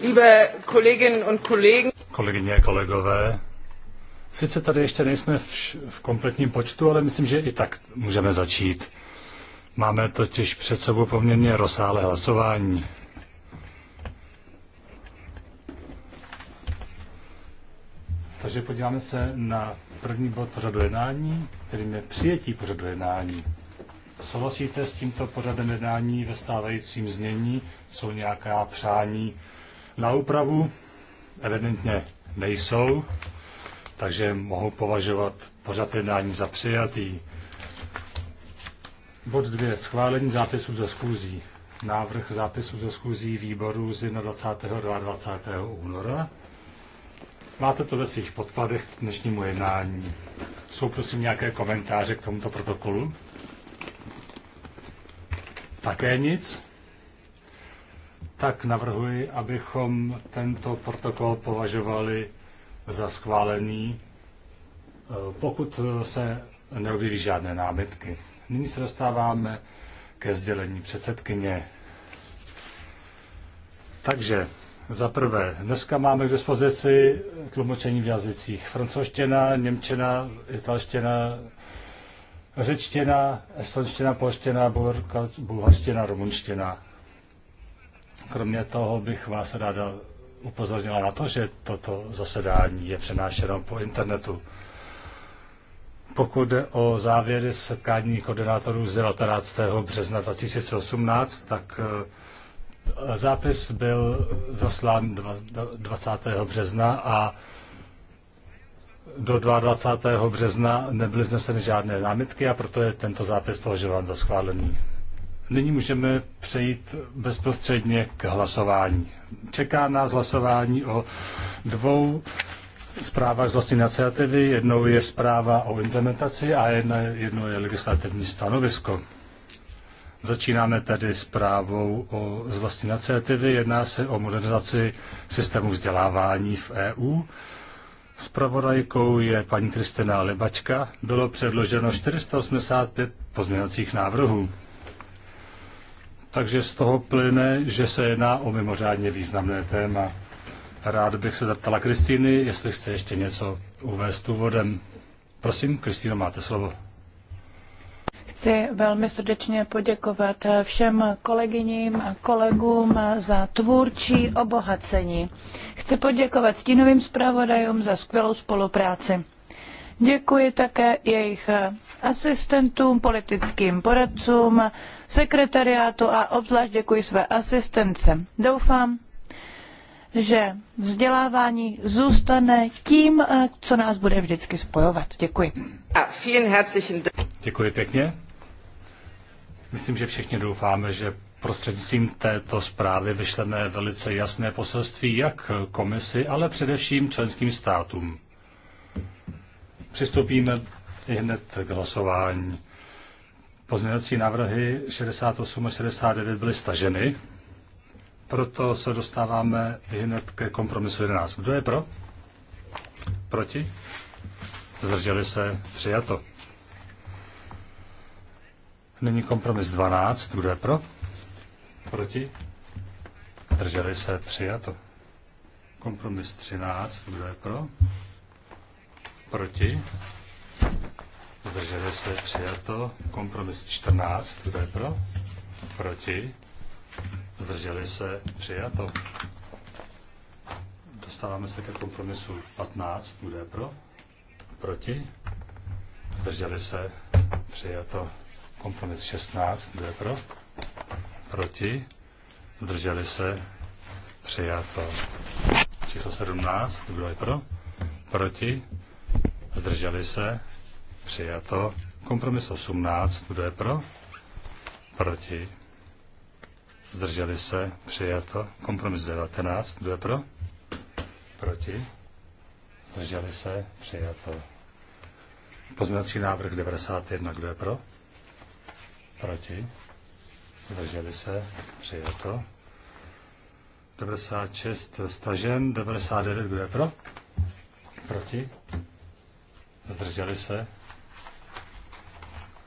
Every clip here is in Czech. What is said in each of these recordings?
Liebe Kolleginnen und Kollegen. Kolegyně a kolegové, sice tady ještě nejsme v, v kompletním počtu, ale myslím, že i tak můžeme začít. Máme totiž před sebou poměrně rozsáhlé hlasování. Takže podíváme se na první bod pořadu jednání, kterým je přijetí pořadu jednání. Souhlasíte s tímto pořadem jednání ve stávajícím znění? Jsou nějaká přání? na úpravu evidentně nejsou, takže mohu považovat pořad jednání za přijatý. Bod 2. Schválení zápisu ze schůzí. Návrh zápisu ze schůzí výboru z 21. 22. února. Máte to ve svých podkladech k dnešnímu jednání. Jsou prosím nějaké komentáře k tomuto protokolu? Také nic tak navrhuji, abychom tento protokol považovali za schválený, e, pokud e, se neobjeví žádné námitky. Nyní se dostáváme ke sdělení předsedkyně. Takže za prvé, dneska máme k dispozici tlumočení v jazycích francouzština, němčina, italština, řečtina, estonština, polština, bulharština, rumunština. Kromě toho bych vás ráda upozornila na to, že toto zasedání je přenášeno po internetu. Pokud jde o závěry setkání koordinátorů z 19. března 2018, tak eh, zápis byl zaslán 20. března a do 22. března nebyly vzneseny žádné námitky a proto je tento zápis považován za schválený. Nyní můžeme přejít bezprostředně k hlasování. Čeká nás hlasování o dvou zprávách z vlastní iniciativy. Jednou je zpráva o implementaci a jedna, jedno je legislativní stanovisko. Začínáme tedy zprávou o, z vlastní iniciativy. Jedná se o modernizaci systému vzdělávání v EU. Spravodajkou je paní Kristina Lebačka. Bylo předloženo 485 pozměňovacích návrhů takže z toho plyne, že se jedná o mimořádně významné téma. Rád bych se zeptala Kristýny, jestli chce ještě něco uvést úvodem. Prosím, Kristýno, máte slovo. Chci velmi srdečně poděkovat všem kolegyním a kolegům za tvůrčí obohacení. Chci poděkovat stínovým zpravodajům za skvělou spolupráci. Děkuji také jejich asistentům, politickým poradcům, sekretariátu a obzvlášť děkuji své asistence. Doufám, že vzdělávání zůstane tím, co nás bude vždycky spojovat. Děkuji. Děkuji pěkně. Myslím, že všichni doufáme, že prostřednictvím této zprávy vyšleme velice jasné poselství jak komisi, ale především členským státům. Přistoupíme i hned k hlasování. Pozměňovací návrhy 68 a 69 byly staženy, proto se dostáváme i hned ke kompromisu 11. Kdo je pro? Proti? Zdrželi se? Přijato. Nyní kompromis 12. Kdo je pro? Proti? Zdrželi se? Přijato. Kompromis 13. Kdo je pro? Proti? Zdrželi se přijato. Kompromis 14. Kdo je pro? Proti? Zdrželi se přijato. Dostáváme se ke kompromisu 15. Kdo je pro? Proti? Zdrželi se přijato. Kompromis 16. Kdo je pro? Proti? Zdrželi se přijato. Číslo 17. Kdo je pro? Proti? zdrželi se, přijato. Kompromis 18, kdo je pro, proti, zdrželi se, přijato. Kompromis 19, kdo je pro, proti, zdrželi se, přijato. Pozměnací návrh 91, kdo je pro, proti, zdrželi se, přijato. 96 stažen, 99 kdo je pro? Proti? zdrželi se.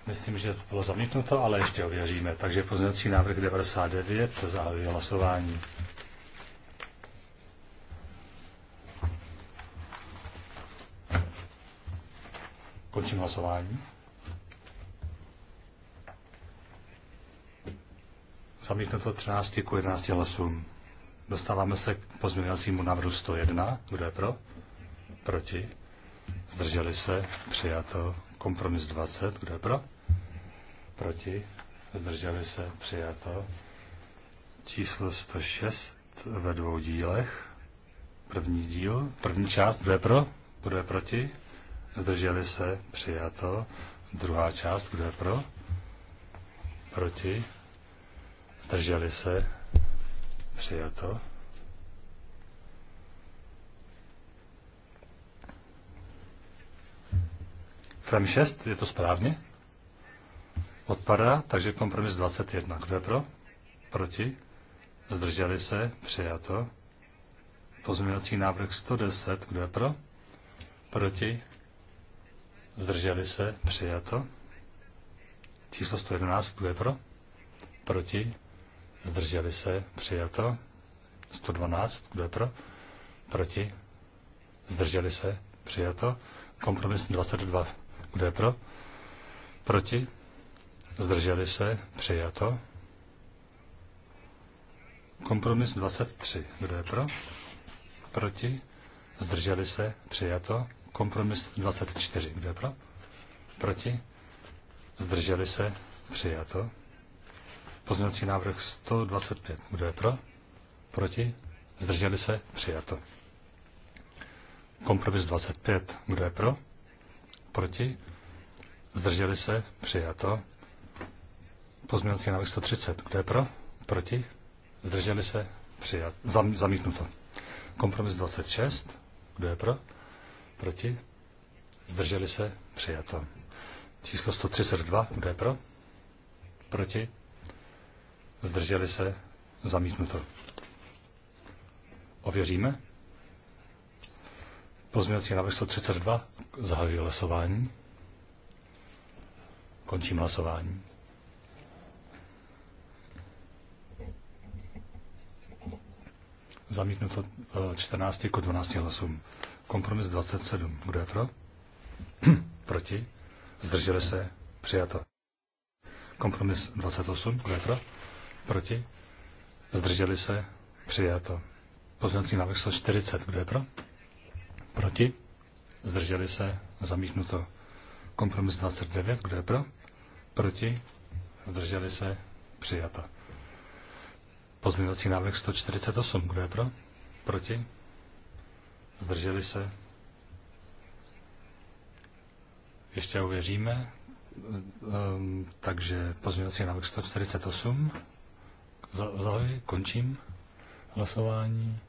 Myslím, že to bylo zamítnuto, ale ještě ověříme. Takže pozměnací návrh 99 zahajuje hlasování. Končím hlasování. Zamítnuto 13 ku 11 hlasům. Dostáváme se k pozměňovacímu návrhu 101. Kdo je pro? Proti? Zdrželi se? Přijato. Kompromis 20. Kdo je pro? Proti? Zdrželi se? Přijato. Číslo 106 ve dvou dílech. První díl, první část, kdo je pro? Kdo je proti? Zdrželi se? Přijato. Druhá část, kdo je pro? Proti? Zdrželi se? Přijato. FREM 6, je to správně? Odpadá, takže kompromis 21. Kdo je pro? Proti? Zdrželi se? Přijato. Pozměňovací návrh 110. Kdo je pro? Proti? Zdrželi se? Přijato. Číslo 111. Kdo je pro? Proti? Zdrželi se? Přijato. 112. Kdo je pro? Proti? Zdrželi se? Přijato. Kompromis 22. Kdo je pro? Proti? Zdrželi se? Přijato. Kompromis 23. Kdo je pro? Proti? Zdrželi se? Přijato. Kompromis 24. Kdo je pro? Proti? Zdrželi se? Přijato. Pozměňovací návrh 125. Kdo je pro? Proti? Zdrželi se? Přijato. Kompromis 25. Kdo je pro? Proti? Zdrželi se? Přijato. Pozměnci návrh 130. Kdo je pro? Proti? Zdrželi se? přijato. Zam, zamítnuto. Kompromis 26. Kdo je pro? Proti? Zdrželi se? Přijato. Číslo 132. Kdo je pro? Proti? Zdrželi se? Zamítnuto. Ověříme? Pozměňovací návrh 132. Zahajuji hlasování. Končím hlasování. Zamítnuto 14 jako 12 hlasům. Kompromis 27. Kdo je pro? Proti? Zdrželi se? Přijato. Kompromis 28. Kdo je pro? Proti? Zdrželi se? Přijato. Pozměňovací návrh 140. Kdo je pro? Proti? zdrželi se, zamítnuto. Kompromis 29, kdo je pro, proti, zdrželi se, přijata Pozměňovací návrh 148, kdo je pro, proti, zdrželi se. Ještě uvěříme, ehm, takže pozměňovací návrh 148, zahoji, končím hlasování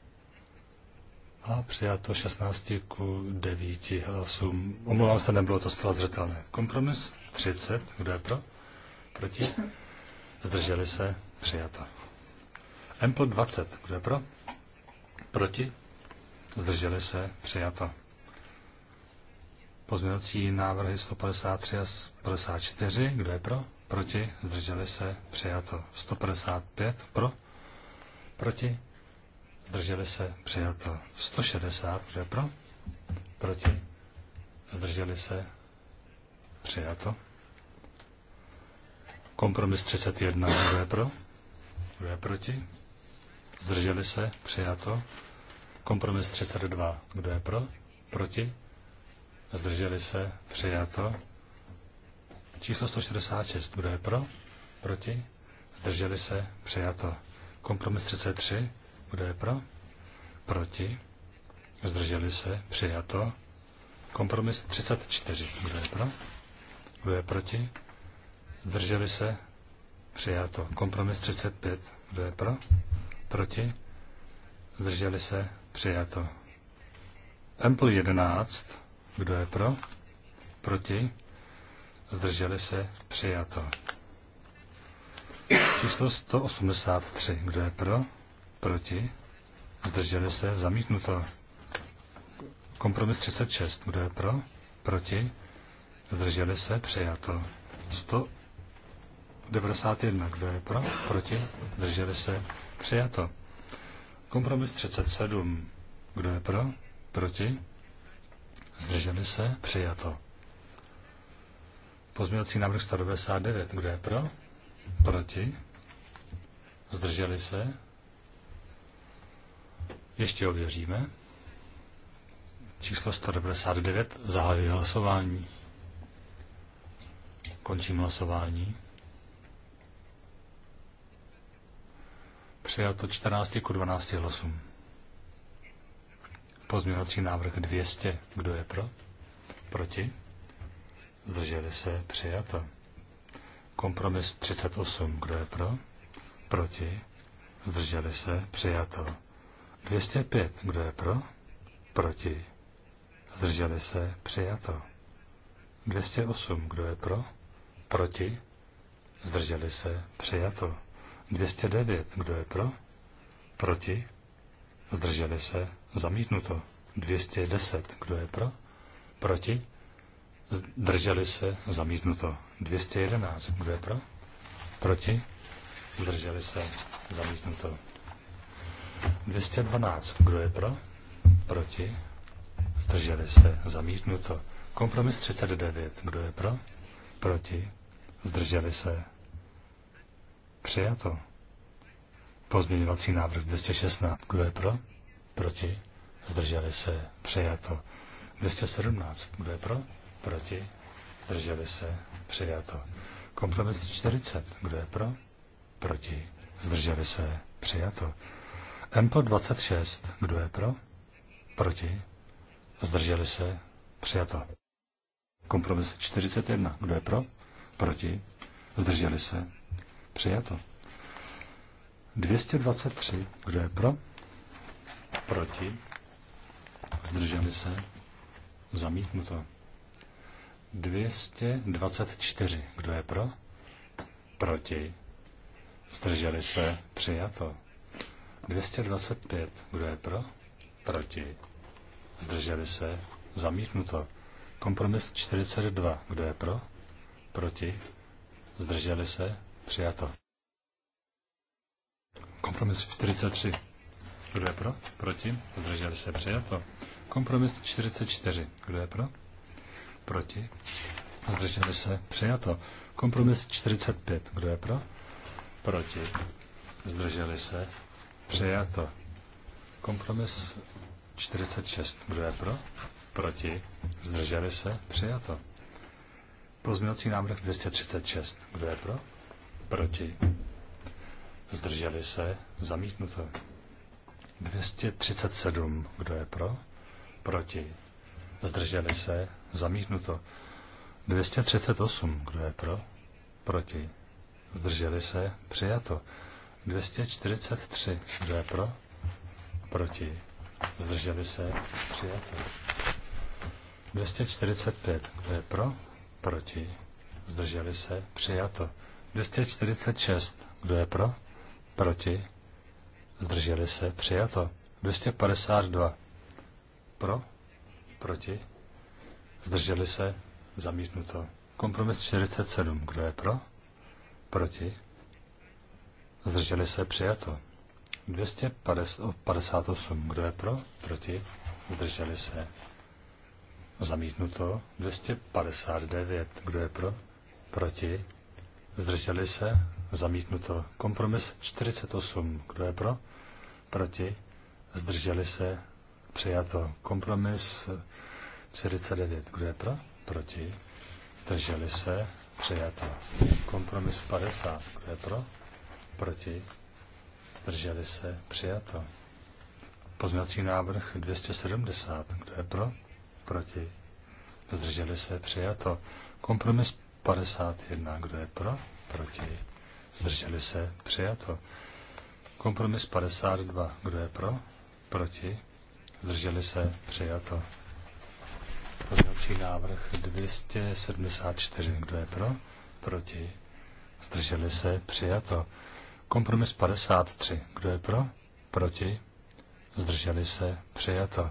a přijato 16 k 9 hlasům. Omlouvám se, nebylo to zcela zřetelné. Kompromis 30, kdo je pro? Proti? Zdrželi se, přijato. Empl 20, kdo je pro? Proti? Zdrželi se, přijato. Pozměňovací návrhy 153 a 154, kdo je pro? Proti? Zdrželi se, přijato. 155, pro? Proti? zdrželi se, přijato. 160, kdo je pro, proti, zdrželi se, přijato. Kompromis 31, kdo je pro, kdo je proti, zdrželi se, přijato. Kompromis 32, kdo je pro, proti, zdrželi se, přijato. Číslo 166, kdo je pro, proti, zdrželi se, přijato. Kompromis 33, kdo je pro? Proti? Zdrželi se? Přijato. Kompromis 34. Kdo je pro? Kdo je proti? Zdrželi se? Přijato. Kompromis 35. Kdo je pro? Proti? Zdrželi se? Přijato. Empl 11. Kdo je pro? Proti? Zdrželi se? Přijato. Číslo 183. Kdo je pro? Proti? Zdrželi se? Zamítnuto. Kompromis 36. Kdo je pro? Proti? Zdrželi se? Přijato. 191. Kdo je pro? Proti? Zdrželi se? Přijato. Kompromis 37. Kdo je pro? Proti? Zdrželi se? Přijato. Pozměňovací návrh 199. Kdo je pro? Proti? Zdrželi se? Ještě ověříme. Číslo 199 zahajuji hlasování. Končím hlasování. Přijato 14 k 12 hlasům. Pozměňovací návrh 200. Kdo je pro? Proti? Zdrželi se? Přijato. Kompromis 38. Kdo je pro? Proti? Zdrželi se? Přijato. 205. Kdo je pro? Proti. Zdrželi se. Přijato. 208. Kdo je pro? Proti. Zdrželi se. Přijato. 209. Kdo je pro? Proti. Zdrželi se. Zamítnuto. 210. Kdo je pro? Proti. Zdrželi se. Zamítnuto. 211. Kdo je pro? Proti. Zdrželi se. Zamítnuto. 212. Kdo je pro? Proti? Zdrželi se. Zamítnuto. Kompromis 39. Kdo je pro? Proti? Zdrželi se. Přijato. Pozměňovací návrh 216. Kdo je pro? Proti? Zdrželi se. Přijato. 217. Kdo je pro? Proti? Zdrželi se. Přijato. Kompromis 40. Kdo je pro? Proti? Zdrželi se. Přijato. MPO 26. Kdo je pro? Proti? Zdrželi se? přijato. Kompromis 41. Kdo je pro? Proti? Zdrželi se? Přijato. 223. Kdo je pro? Proti? Zdrželi se? Zamítnuto. 224. Kdo je pro? Proti? Zdrželi se? Přijato. 225. Kdo je pro? Proti. Zdrželi se? Zamítnuto. Kompromis 42. Kdo je pro? Proti. Zdrželi se? Přijato. Kompromis 43. Kdo je pro? Proti. Zdrželi se? Přijato. Kompromis 44. Kdo je pro? Proti. Zdrželi se? Přijato. Kompromis 45. Kdo je pro? Proti. Zdrželi se? Přijato. Kompromis 46. Kdo je pro? Proti? Zdrželi se? Přijato. Pozměňovací návrh 236. Kdo je pro? Proti? Zdrželi se? Zamítnuto. 237. Kdo je pro? Proti? Zdrželi se? Zamítnuto. 238. Kdo je pro? Proti? Zdrželi se? Přijato. 243. Kdo je pro? Proti. Zdrželi se? Přijato. 245. Kdo je pro? Proti. Zdrželi se? Přijato. 246. Kdo je pro? Proti. Zdrželi se? Přijato. 252. Pro? Proti. Zdrželi se? Zamítnuto. Kompromis 47. Kdo je pro? Proti. Zdrželi se přijato. 258. Kdo je pro? Proti? Zdrželi se. Zamítnuto. 259. Kdo je pro? Proti? Zdrželi se. Zamítnuto. Kompromis 48. Kdo je pro? Proti? Zdrželi se. Přijato. Kompromis 49. Kdo je pro? Proti? Zdrželi se. Přijato. Kompromis 50. Kdo je pro? proti, zdrželi se, přijato. pozměnací návrh 270, kdo je pro, proti, zdrželi se, přijato. Kompromis 51, kdo je pro, proti, zdrželi se, přijato. Kompromis 52, kdo je pro, proti, zdrželi se, přijato. pozměnací návrh 274, kdo je pro, proti, zdrželi se, přijato. Kompromis 53. Kdo je pro? Proti? Zdrželi se? Přijato.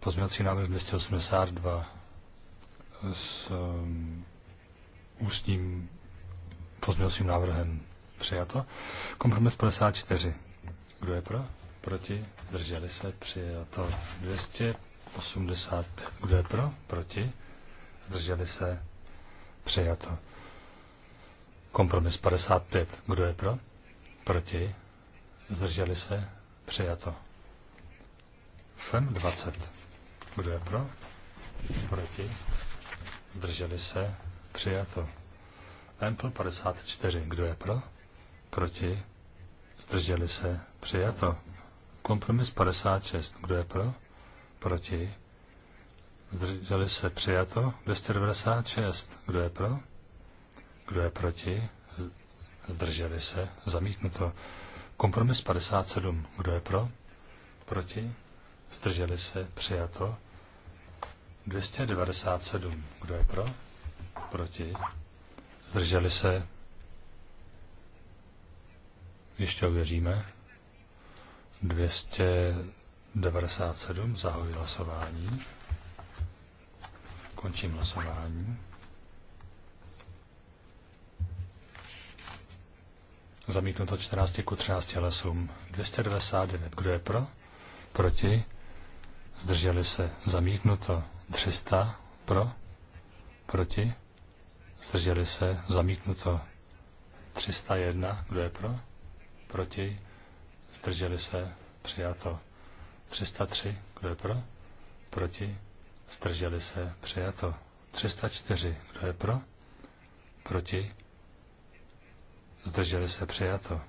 Pozměňovací návrh 282 s um, ústním pozměňovacím návrhem přijato. Kompromis 54. Kdo je pro? Proti? Zdrželi se? Přijato. 285. Kdo je pro? Proti? Zdrželi se? Přijato. Kompromis 55. Kdo je pro? Proti? Zdrželi se? Přijato. FEM 20. Kdo je pro? Proti? Zdrželi se? Přijato. EMPL 54. Kdo je pro? Proti? Zdrželi se? Přijato. Kompromis 56. Kdo je pro? Proti? Zdrželi se? Přijato. 296. Kdo je pro? Kdo je proti? Zdrželi se? Zamítnuto. Kompromis 57. Kdo je pro? Proti? Zdrželi se? Přijato. 297. Kdo je pro? Proti? Zdrželi se? Ještě ověříme. 297. Zahoji hlasování. Končím hlasování. Zamítnuto 14 ku 13 hlasům. 299. Kdo je pro? Proti? Zdrželi se. Zamítnuto 300. Pro? Proti? Zdrželi se. Zamítnuto 301. Kdo je pro? Proti? Zdrželi se. Přijato. 303. Kdo je pro? Proti? Zdrželi se. Přijato. 304. Kdo je pro? Proti? zdrželi se přijato.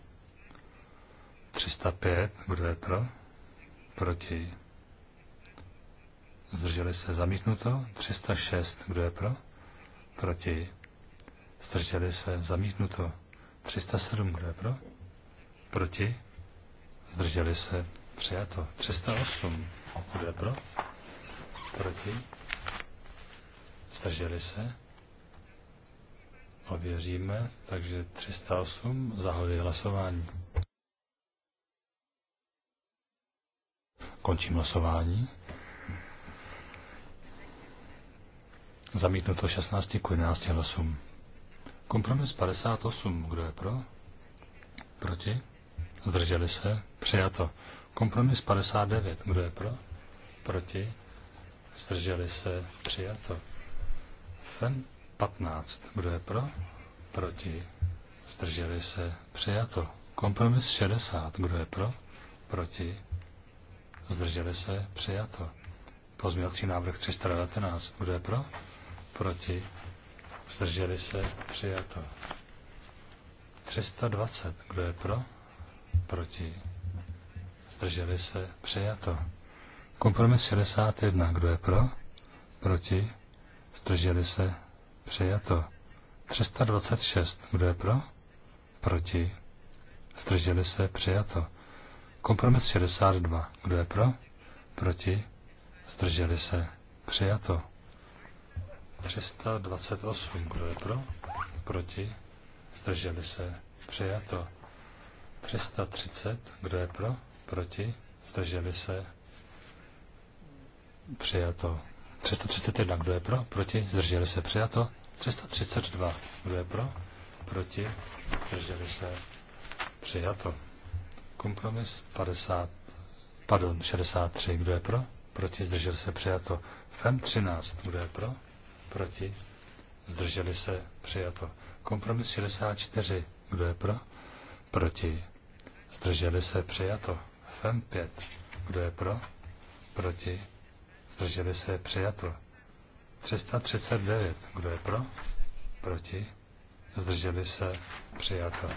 305, kdo je pro? Proti. Zdrželi se zamítnuto. 306, kdo je pro? Proti. Zdrželi se zamítnuto. 307, kdo je pro? Proti. Zdrželi se přijato. 308, kdo je pro? Proti. Zdrželi se ověříme, takže 308 zahajuji hlasování. Končím hlasování. Zamítnuto 16 k 11 hlasům. Kompromis 58. Kdo je pro? Proti? Zdrželi se? Přijato. Kompromis 59. Kdo je pro? Proti? Zdrželi se? Přijato. FEN 15. Kdo je pro? Proti. Zdrželi se. Přijato. Kompromis 60. Kdo je pro? Proti. Zdrželi se. Přijato. Pozměňovací návrh 319. Kdo je pro? Proti. Zdrželi se. Přijato. 320. Kdo je pro? Proti. Zdrželi se. Přijato. Kompromis 61. Kdo je pro? Proti. Zdrželi se. Přijato. 326. Kdo je pro? Proti. Zdrželi se. Přijato. Kompromis 62. Kdo je pro? Proti. Zdrželi se. Přijato. 328. Kdo je pro? Proti. Zdrželi se. Přijato. 330. Kdo je pro? Proti. Zdrželi se. Přijato. 331. Kdo je pro? Proti. Zdrželi se. Přijato. 332. Kdo je pro? Proti? Zdrželi se? Přijato. Kompromis 50, pardon, 63. Kdo je pro? Proti? Zdržel se? Přijato. FEM 13. Kdo je pro? Proti? Zdrželi se? Přijato. Kompromis 64. Kdo je pro? Proti? Zdrželi se? Přijato. FEM 5. Kdo je pro? Proti? Zdrželi se? Přijato. 339. Kdo je pro? Proti? Zdrželi se? Přijato.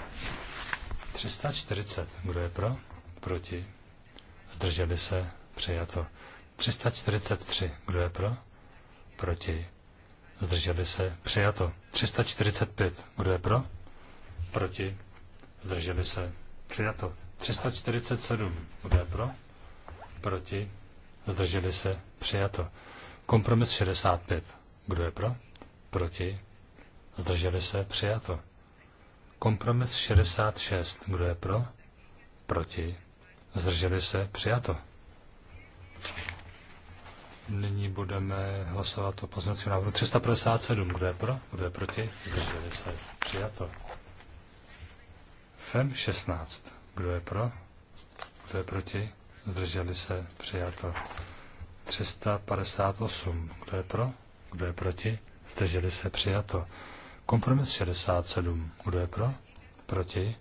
340. Kdo je pro? Proti? Zdrželi se? Přijato. 343. Kdo je pro? Proti? Zdrželi se? Přijato. 345. Kdo je pro? Proti? Zdrželi se? Přijato. 347. Kdo je pro? Proti? Zdrželi se? Přijato. Kompromis 65. Kdo je pro? Proti? Zdrželi se? Přijato. Kompromis 66. Kdo je pro? Proti? Zdrželi se? Přijato. Nyní budeme hlasovat o poznacím návrhu 357. Kdo je pro? Kdo je proti? Zdrželi se? Přijato. FEM 16. Kdo je pro? Kdo je proti? Zdrželi se? Přijato. 358. Kdo je pro? Kdo je proti? Zdrželi se přijato. Kompromis 67. Kdo je pro? Proti?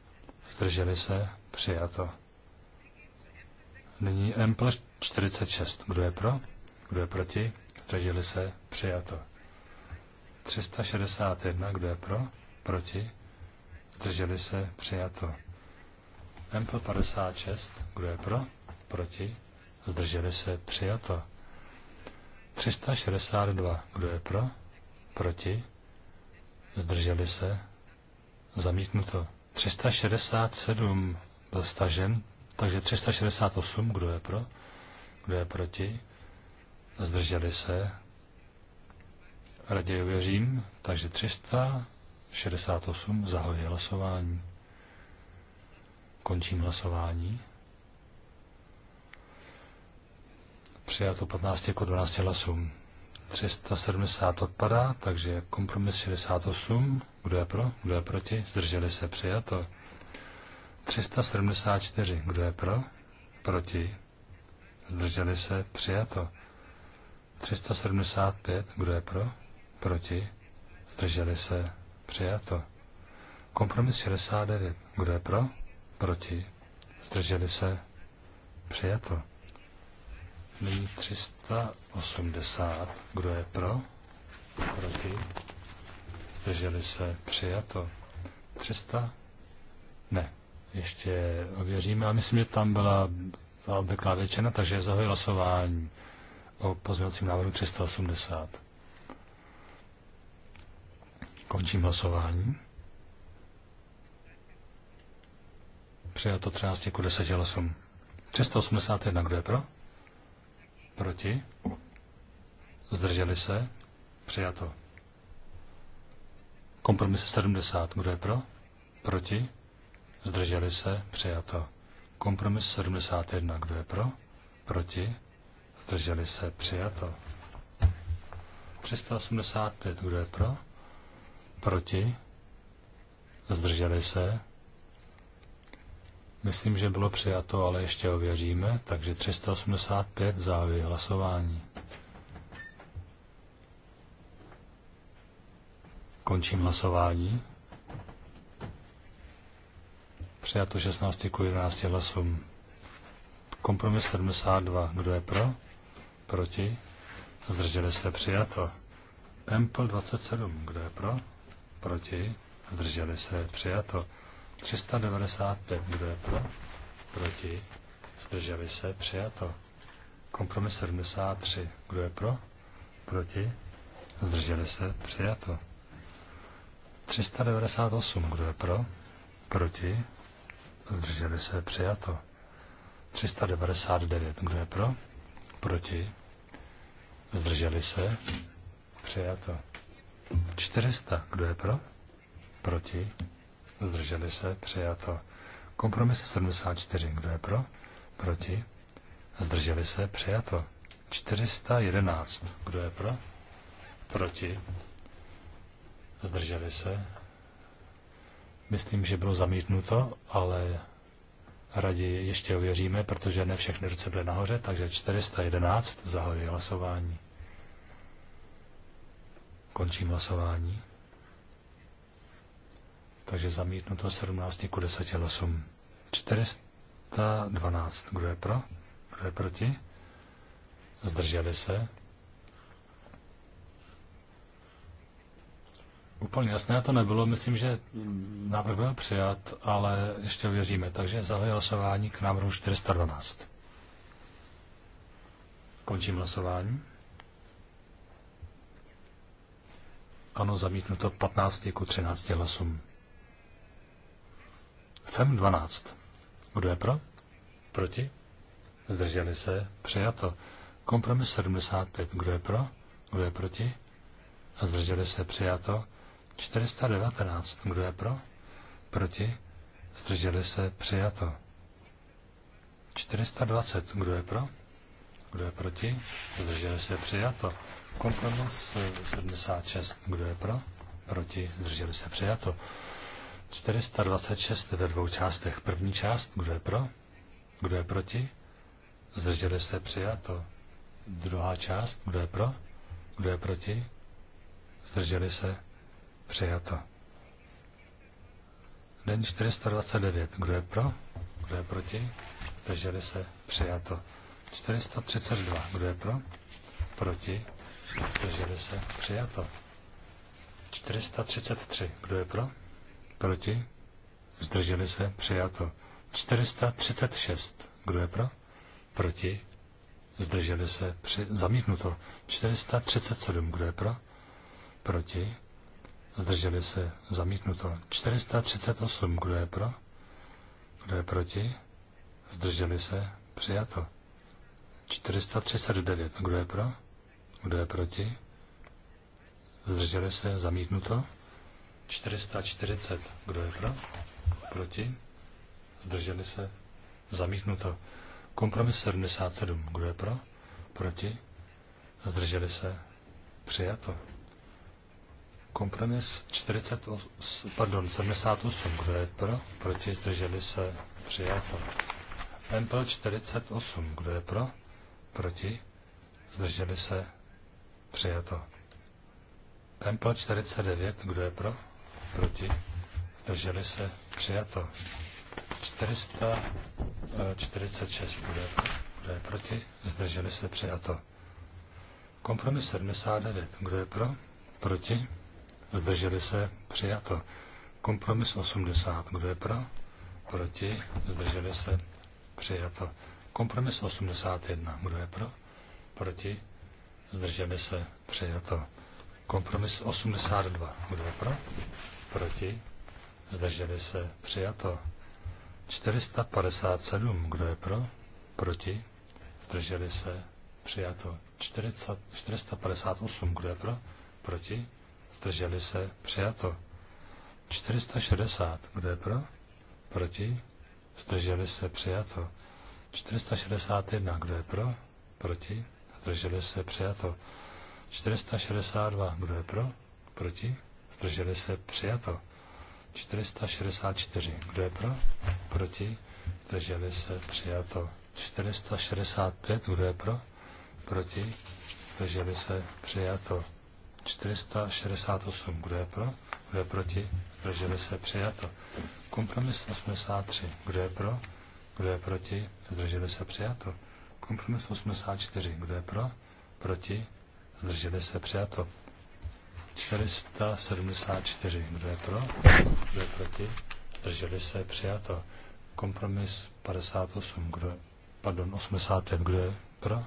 Zdrželi se přijato. Nyní M plus 46. Kdo je pro? Kdo je proti? Zdrželi se přijato. 361. Kdo je pro? Proti? Zdrželi se přijato. M plus 56. Kdo je pro? Proti? zdrželi se, přijato. 362, kdo je pro, proti, zdrželi se, zamítnuto. 367 byl stažen, takže 368, kdo je pro, kdo je proti, zdrželi se, raději věřím, takže 368 zahojí hlasování. Končím hlasování. Přijato 15 jako 12 hlasů. 370 odpadá, takže kompromis 68. Kdo je pro? Kdo je proti? Zdrželi se přijato. 374. Kdo je pro? Proti? Zdrželi se přijato. 375. Kdo je pro? Proti? Zdrželi se přijato. Kompromis 69. Kdo je pro? Proti? Zdrželi se přijato. Nyní 380. Kdo je pro? Proti? Zdrželi se? Přijato. 300? Ne. Ještě ověříme. A myslím, že tam byla ta obvyklá většina, takže zahoj hlasování o pozměňovacím návrhu 380. Končím hlasování. Přijato 13 10 hlasům. 381, kdo je pro? Proti? Zdrželi se? Přijato. Kompromis 70. Kdo je pro? Proti? Zdrželi se? Přijato. Kompromis 71. Kdo je pro? Proti? Zdrželi se? Přijato. 385. Kdo je pro? Proti? Zdrželi se? Myslím, že bylo přijato, ale ještě ověříme, takže 385 závěr hlasování. Končím hlasování. Přijato 16 k 11 hlasům. Kompromis 72. Kdo je pro? Proti? Zdrželi se přijato. Empl 27. Kdo je pro? Proti? Zdrželi se přijato. 395. Kdo je pro? Proti? Zdrželi se? Přijato. Kompromis 73. Kdo je pro? Proti? Zdrželi se? Přijato. 398. Kdo je pro? Proti? Zdrželi se? Přijato. 399. Kdo je pro? Proti? Zdrželi se? Přijato. 400. Kdo je pro? Proti? zdrželi se, přijato. Kompromis 74, kdo je pro, proti, zdrželi se, přijato. 411, kdo je pro, proti, zdrželi se. Myslím, že bylo zamítnuto, ale raději ještě ověříme, protože ne všechny ruce byly nahoře, takže 411 zahojí hlasování. Končím hlasování. Takže zamítnuto 17 ku 10 hlasům. 412. Kdo je pro? Kdo je proti? Zdrželi se? Úplně jasné to nebylo. Myslím, že návrh byl přijat, ale ještě věříme. Takže zahajuji hlasování k návrhu 412. Končím hlasování. Ano, zamítnuto 15 ku 13 hlasům. FEM 12. Kdo je pro? Proti? Zdrželi se? Přijato. Kompromis 75. Kdo je pro? Kdo je proti? A zdrželi se? Přijato. 419. Kdo je pro? Proti? Zdrželi se? Přijato. 420. Kdo je pro? Kdo je proti? Zdrželi se? Přijato. Kompromis 76. Eh, Kdo je pro? Proti? Zdrželi se? Přijato. 426 ve dvou částech. První část, kdo je pro, kdo je proti, zdrželi se přijato. Druhá část, kdo je pro, kdo je proti, zdrželi se přijato. Den 429, kdo je pro, kdo je proti, zdrželi se přijato. 432, kdo je pro, proti, zdrželi se přijato. 433, kdo je pro, Proti? Zdrželi se? Přijato. 436. Kdo je pro? Proti? Zdrželi se? Při... Zamítnuto. 437. Kdo je pro? Proti? Zdrželi se? Zamítnuto. 438. Kdo je pro? Kdo je proti? Zdrželi se? Přijato. 439. Kdo je pro? Kdo je proti? Zdrželi se? Zamítnuto. 440. Kdo je pro? Proti? Zdrželi se? Zamítnuto. Kompromis 77. Kdo je pro? Proti? Zdrželi se? Přijato. Kompromis 48, pardon, 78. Kdo je pro? Proti? Zdrželi se? Přijato. MPL 48. Kdo je pro? Proti? Zdrželi se? Přijato. MPL 49. Kdo je pro? proti, zdrželi se, přijato. 446, kdo je, kdo je proti, zdrželi se, přijato. Kompromis 79, kdo je pro, proti, zdrželi se, přijato. Kompromis 80, kdo je pro, proti, zdrželi se, přijato. Kompromis 81, kdo je pro, proti, zdrželi se, přijato. Kompromis 82, kdo je pro, Proti? Zdrželi se. Přijato. 457. Kdo je pro? Proti? Zdrželi se. Přijato. 40, 458. Kdo je pro? Proti? Zdrželi se. Přijato. 460. Kdo je pro? Proti? Zdrželi se. Přijato. 461. Kdo je pro? Proti? Zdrželi se. Přijato. 462. Kdo je pro? Proti? zdrželi se, přijato. 464, kdo je pro, proti, zdrželi se, přijato. 465, kdo je pro, proti, zdrželi se, přijato. 468, kdo je pro, kdo je proti, zdrželi se, přijato. Kompromis 83, kdo je pro, kdo je proti, zdrželi se, přijato. Kompromis 84, kdo je pro, proti, zdrželi se, přijato. 474. Kdo je pro? Kdo je proti? Zdrželi se? Přijato. Kompromis 58. Kdo je, pardon, 85. Kdo je pro?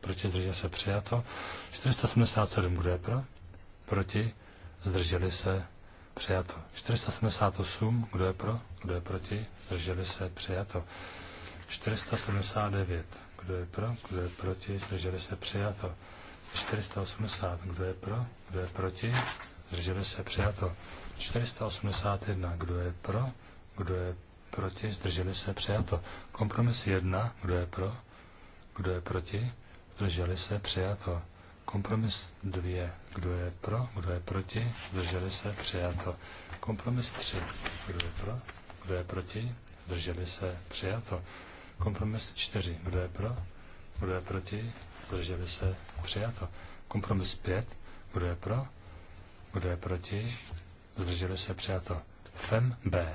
Proti? Zdrželi se? Přijato. 477. Kdo je pro? Proti? Zdrželi se? Přijato. 478. Kdo je pro? Kdo je proti? Zdrželi se? Přijato. 479. Kdo je pro? Kdo je proti? Zdrželi se? Přijato. 480. Kdo je pro? Kdo je proti? Zdrželi se přijato. 481. Kdo je pro? Kdo je proti? Zdrželi se přijato. Kompromis 1. Kdo je pro? Kdo je proti? Zdrželi se přijato. Kompromis 2. Kdo je pro? Kdo je proti? Zdrželi se přijato. Kompromis 3. Kdo je pro? Kdo je proti? Zdrželi se přijato. Kompromis 4. Kdo je pro? Kdo je proti? zdrželi se, přijato. Kompromis 5, kdo je pro, kdo je proti, zdrželi se, přijato. FEM B,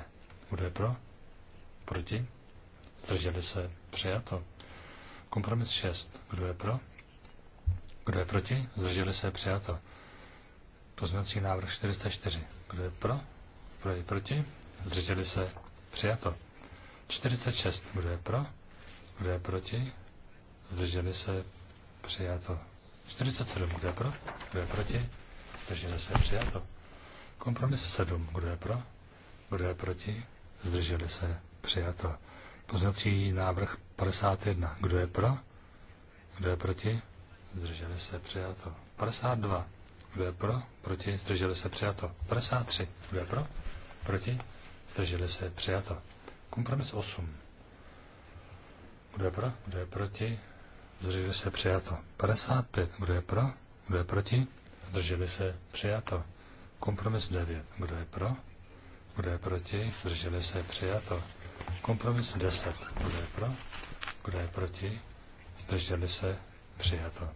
kdo je pro, proti, zdrželi se, přijato. Kompromis 6, kdo je pro, kdo je proti, zdrželi se, přijato. Pozměnací návrh 404, kdo je pro, kdo je proti, zdrželi se, přijato. 46, kdo je pro, kdo je proti, zdrželi se, Přijato. 47. Kdo je pro? Kdo je proti? Zdrželi se. Přijato. Kompromis 7. Kdo je pro? Kdo je proti? Zdrželi se. Přijato. Poznací návrh 51. Kdo je pro? Kdo je proti? Zdrželi se. Přijato. 52. Kdo je pro? Proti? Zdrželi se. Přijato. 53. Kdo je pro? Proti? Zdrželi se. Přijato. Kompromis 8. Kdo je pro? Kdo je proti? Zdrželi se přijato. 55. Kdo je pro? Kdo je proti? Zdrželi se přijato. Kompromis 9. Kdo je pro? Kdo je proti? Zdrželi se přijato. Kompromis 10. Kdo je pro? Kdo je proti? Zdrželi se přijato.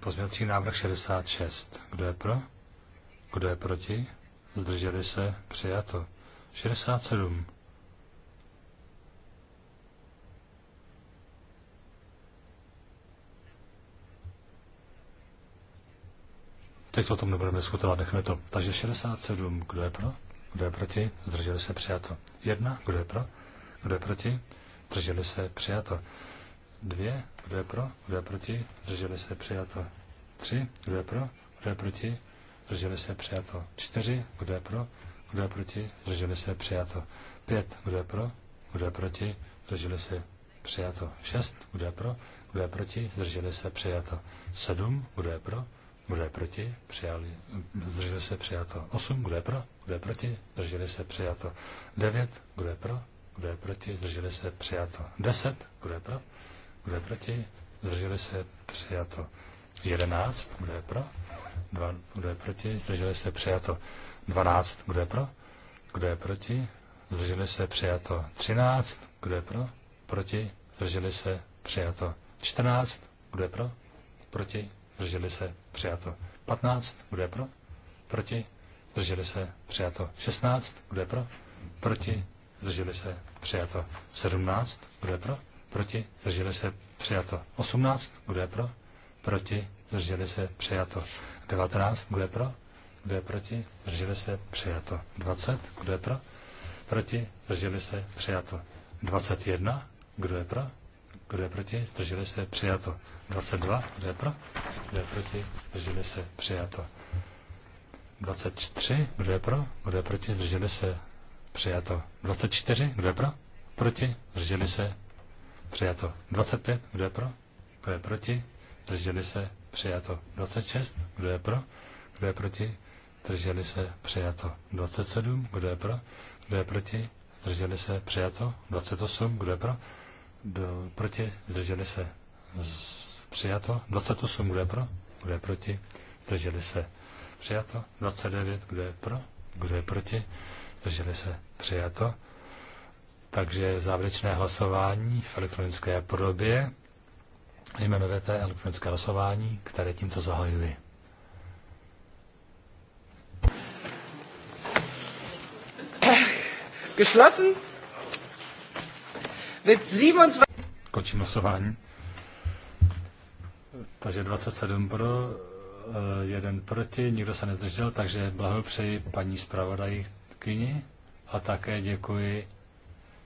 Pozměnací návrh 66. Kdo je pro? Kdo je proti? Zdrželi se přijato. 67. Teď o tom nebudeme diskutovat, nechme to. Takže 67, kdo je pro? Kdo je proti? Zdrželi se přijato. Jedna, kdo je pro? Kdo je proti? Zdrželi se přijato. Dvě, kdo je pro? Kdo je proti? Zdrželi se přijato. Tři, kdo je pro? Kdo je proti? Zdrželi se přijato. Čtyři, kdo je pro? Kdo je proti? Zdrželi se přijato. Pět, kdo je pro? Kdo je proti? Zdrželi se přijato. Šest, kdo je pro? Kdo je proti? Zdrželi se přijato. Sedm, kdo je pro? Kdo je proti? Přijali. Zdrželi se přijato. 8. Kdo je pro? Kdo je proti? Zdrželi se přijato. 9. Kdo je pro? Kdo je proti? Zdrželi se přijato. 10. Kdo je pro? Kdo je proti? Zdrželi se přijato. 11. Kdo je pro? Dva, Kdo je proti? Zdrželi se přijato. 12. Kdo je pro? Kdo je proti? Zdrželi se přijato. 13. Kdo je pro? Proti? Zdrželi se přijato. 14. Kdo je pro? Proti? drželi se, přijato. 15, kdo je pro, proti, Drželi se, přijato. 16, kdo je pro, proti, Drželi se, přijato. 17, kdo je pro, proti, Drželi se, přijato. 18, kdo je pro, proti, Drželi se, přijato. 19, kdo je pro, kdo je proti, Drželi se, přijato. 20, kdo je pro, proti, Drželi se, přijato. 21, kdo je pro, kdo je proti? Zdrželi se? Přijato. 22. Kdo je pro? Kdo je proti? Zdrželi se? Přijato. 23. Kdo je pro? Kdo je proti? Zdrželi se? Přijato. 24. Kdo je pro? Proti? Zdrželi se? Přijato. 25. Kdo je pro? Kdo je proti? Zdrželi se? Přijato. 26. Kdo je pro? Kdo je proti? Zdrželi se? Přijato. 27. Kdo je pro? Kdo je proti? Zdrželi se? Přijato. 28. Kdo je pro? do, proti, zdrželi se přijato, 28, kdo je pro, kdo je proti, zdrželi se přijato, 29, kdo je pro, kdo je proti, zdrželi se přijato. Takže závěrečné hlasování v elektronické podobě, jmenovité elektronické hlasování, které tímto zahajuji. Geschlossen? Mit 27... Končím hlasování. Takže 27 pro, eh, jeden proti, nikdo se nezdržel, takže blahopřeji paní zpravodajkyni a také děkuji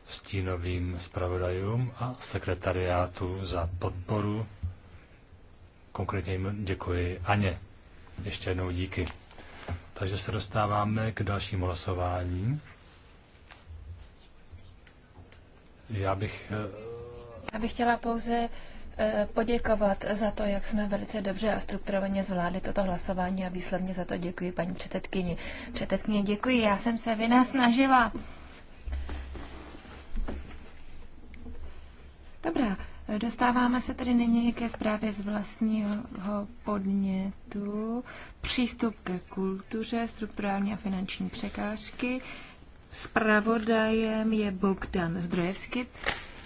stínovým zpravodajům a sekretariátu za podporu. Konkrétně jim děkuji Aně. Ještě jednou díky. Takže se dostáváme k dalšímu hlasování. Já bych... Eh, já bych chtěla pouze eh, poděkovat za to, jak jsme velice dobře a strukturovaně zvládli toto hlasování a výslovně za to děkuji paní předsedkyni. Předsedkyně, děkuji, já jsem se vina snažila. Dobrá, dostáváme se tedy nyní ke zprávě z vlastního podnětu. Přístup ke kultuře, strukturální a finanční překážky. Spravodajem je Bogdan Zdrojevský.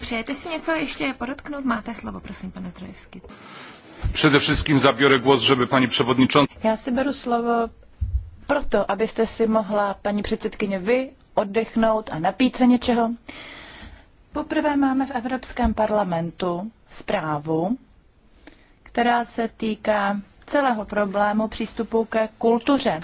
Přejete si něco ještě podotknout? Máte slovo, prosím, pane Zdrojevský. Především wszystkim vůz, głos, żeby pani przewodnicząca... Já si beru slovo proto, abyste si mohla, paní předsedkyně, vy oddechnout a napít se něčeho. Poprvé máme v Evropském parlamentu zprávu, která se týká celého problému přístupu ke kultuře.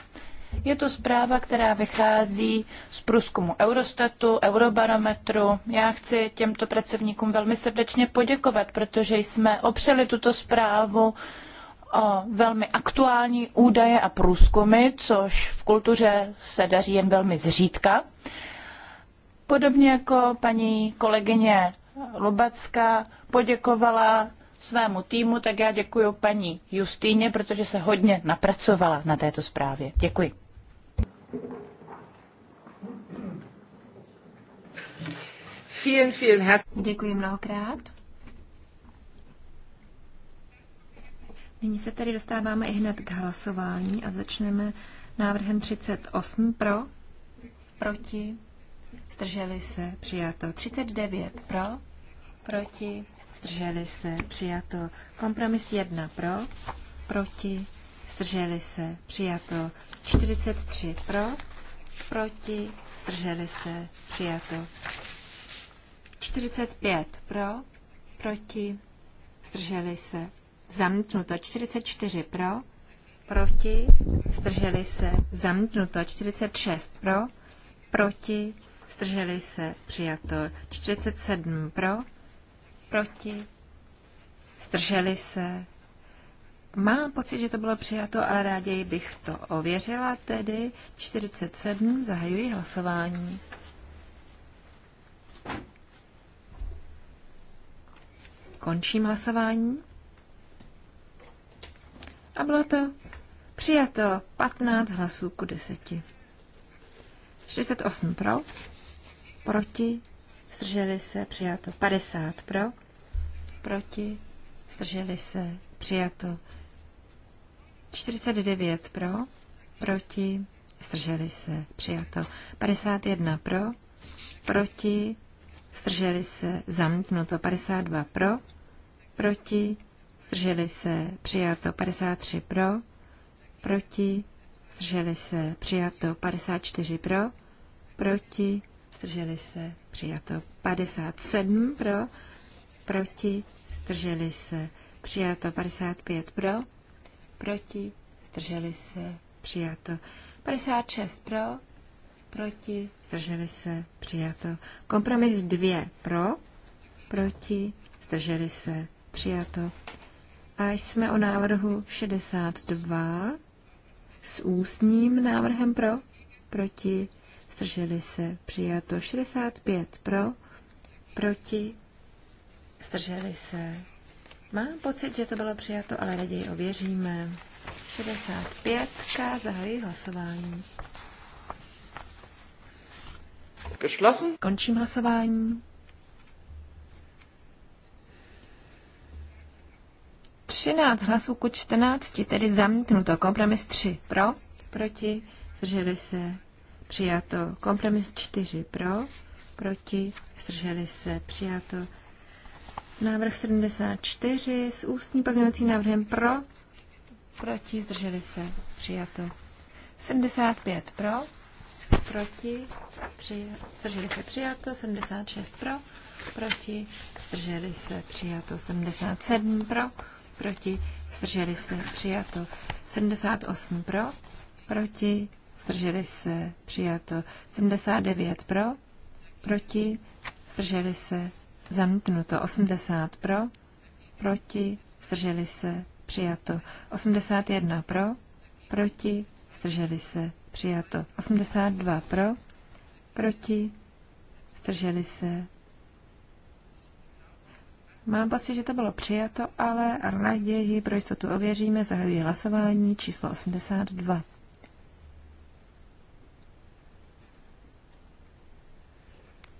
Je to zpráva, která vychází z průzkumu Eurostatu, Eurobarometru. Já chci těmto pracovníkům velmi srdečně poděkovat, protože jsme opřeli tuto zprávu o velmi aktuální údaje a průzkumy, což v kultuře se daří jen velmi zřídka. Podobně jako paní kolegyně Lubacka poděkovala svému týmu, tak já děkuji paní Justýně, protože se hodně napracovala na této zprávě. Děkuji. Vielen, vielen herz- Děkuji mnohokrát. Nyní se tedy dostáváme i hned k hlasování a začneme návrhem 38 pro, proti, zdrželi se, přijato 39 pro, proti, zdrželi se, přijato kompromis 1 pro, proti, zdrželi se, přijato 43 pro, proti, zdrželi se, přijato. 45 pro, proti, zdrželi se, zamítnuto. 44 pro, proti, zdrželi se, zamítnuto. 46 pro, proti, zdrželi se, přijato. 47 pro, proti, zdrželi se, Mám pocit, že to bylo přijato, ale raději bych to ověřila, tedy 47, zahajuji hlasování. Končím hlasování. A bylo to přijato 15 hlasů ku 10. 48 pro, proti, zdrželi se, přijato 50 pro, proti, zdrželi se, přijato 49 pro, proti, strželi se, přijato. 51 pro, proti, strželi se, zamítnuto. 52 pro, proti, strželi se, přijato. 53 pro, proti, strželi se, přijato. 54 pro, proti, strželi se, přijato. 57 pro, proti, strželi se, přijato. 55 pro, proti, zdrželi se, přijato. 56 pro, proti, zdrželi se, přijato. Kompromis 2 pro, proti, zdrželi se, přijato. A jsme o návrhu 62 s ústním návrhem pro, proti, zdrželi se, přijato. 65 pro, proti, zdrželi se, Mám pocit, že to bylo přijato, ale raději ověříme. 65. Zahají hlasování. Geschlossen. Končím hlasování. Třináct hlasů ku 14, tedy zamítnuto. Kompromis 3 pro, proti, zdrželi se, přijato. Kompromis 4 pro, proti, zdrželi se, přijato. Návrh 74 s ústním pozměňovacím návrhem pro, proti, zdrželi se, přijato. 75 pro, proti, zdrželi se, přijato. 76 pro, proti, zdrželi se, přijato. 77 pro, proti, zdrželi se, přijato. 78 pro, proti, zdrželi se, přijato. 79 pro, proti, zdrželi se, Zamítnuto 80 pro, proti, zdrželi se, přijato. 81 pro, proti, zdrželi se, přijato. 82 pro, proti, zdrželi se. Mám pocit, že to bylo přijato, ale raději pro jistotu ověříme, zahajuji hlasování číslo 82.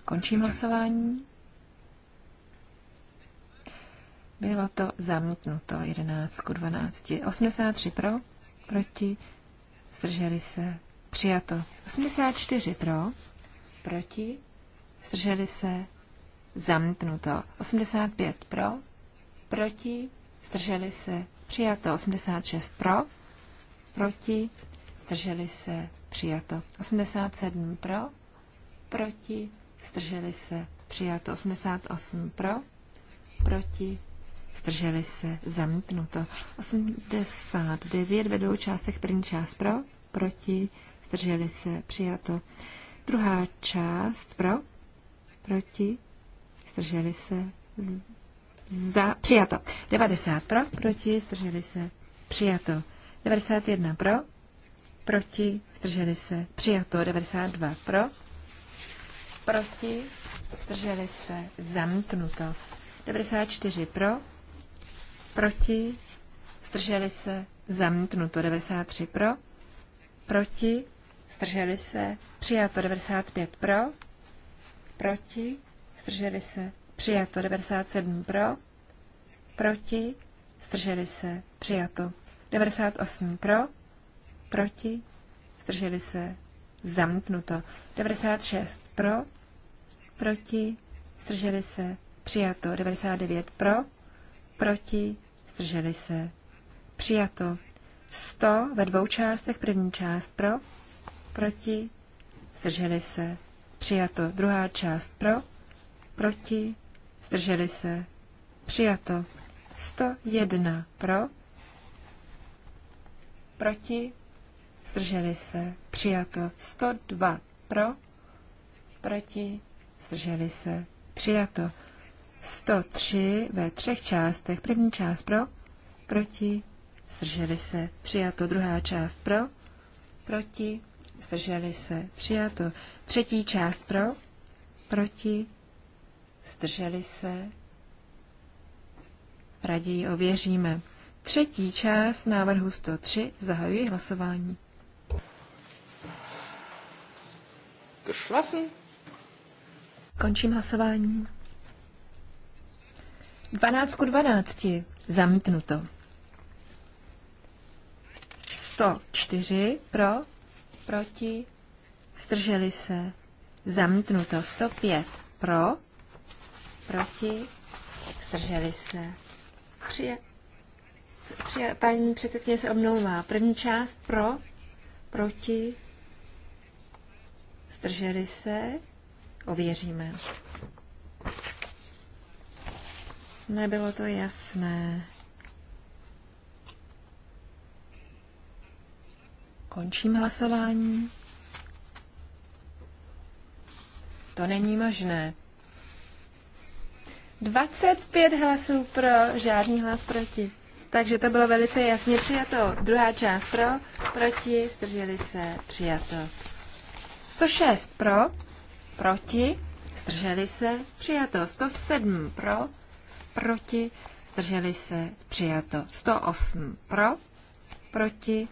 Končím hlasování. Bylo to zamítnuto 11 k 12. 83 pro, proti, zdrželi se, přijato. 84 pro, proti, zdrželi se, zamítnuto. 85 pro, proti, zdrželi se, přijato. 86 pro, proti, zdrželi se, přijato. 87 pro, proti, zdrželi se, přijato. 88 pro, proti, zdrželi se, zamítnuto. 89 ve dvou částech, první část pro, proti, zdrželi se, přijato. Druhá část pro, proti, zdrželi se, za, přijato. 90 pro, proti, zdrželi se, přijato. 91 pro, proti, zdrželi se, přijato. 92 pro, proti, zdrželi se, zamítnuto. 94 pro, proti, zdrželi se, zamítnuto 93 pro, proti, zdrželi se, přijato 95 pro, proti, zdrželi se, přijato 97 pro, proti, zdrželi se, přijato 98 pro, proti, zdrželi se, zamítnuto 96 pro, proti, zdrželi se, přijato 99 pro, proti, zdrželi se, přijato. 100 ve dvou částech, první část pro, proti, zdrželi se, přijato. Druhá část pro, proti, zdrželi se, přijato. 101 pro, proti, zdrželi se, přijato. 102 pro, proti, zdrželi se, přijato. 103 ve třech částech. První část pro, proti, zdrželi se, přijato. Druhá část pro, proti, zdrželi se, přijato. Třetí část pro, proti, zdrželi se, raději ověříme. Třetí část návrhu 103 zahajuji hlasování. Geschlossen. Končím hlasování. 12 ku 12. Zamítnuto. 104 pro, proti, strželi se. Zamítnuto. 105 pro, proti, strželi se. Přijat. Paní předsedkyně se omlouvá. První část pro, proti, zdrželi se. Ověříme. Nebylo to jasné. Končím hlasování. To není možné. 25 hlasů pro, žádný hlas proti. Takže to bylo velice jasně přijato. Druhá část pro, proti, strželi se, přijato. 106 pro, proti, strželi se, přijato. 107 pro, proti, zdrželi se, přijato. 108 pro, proti,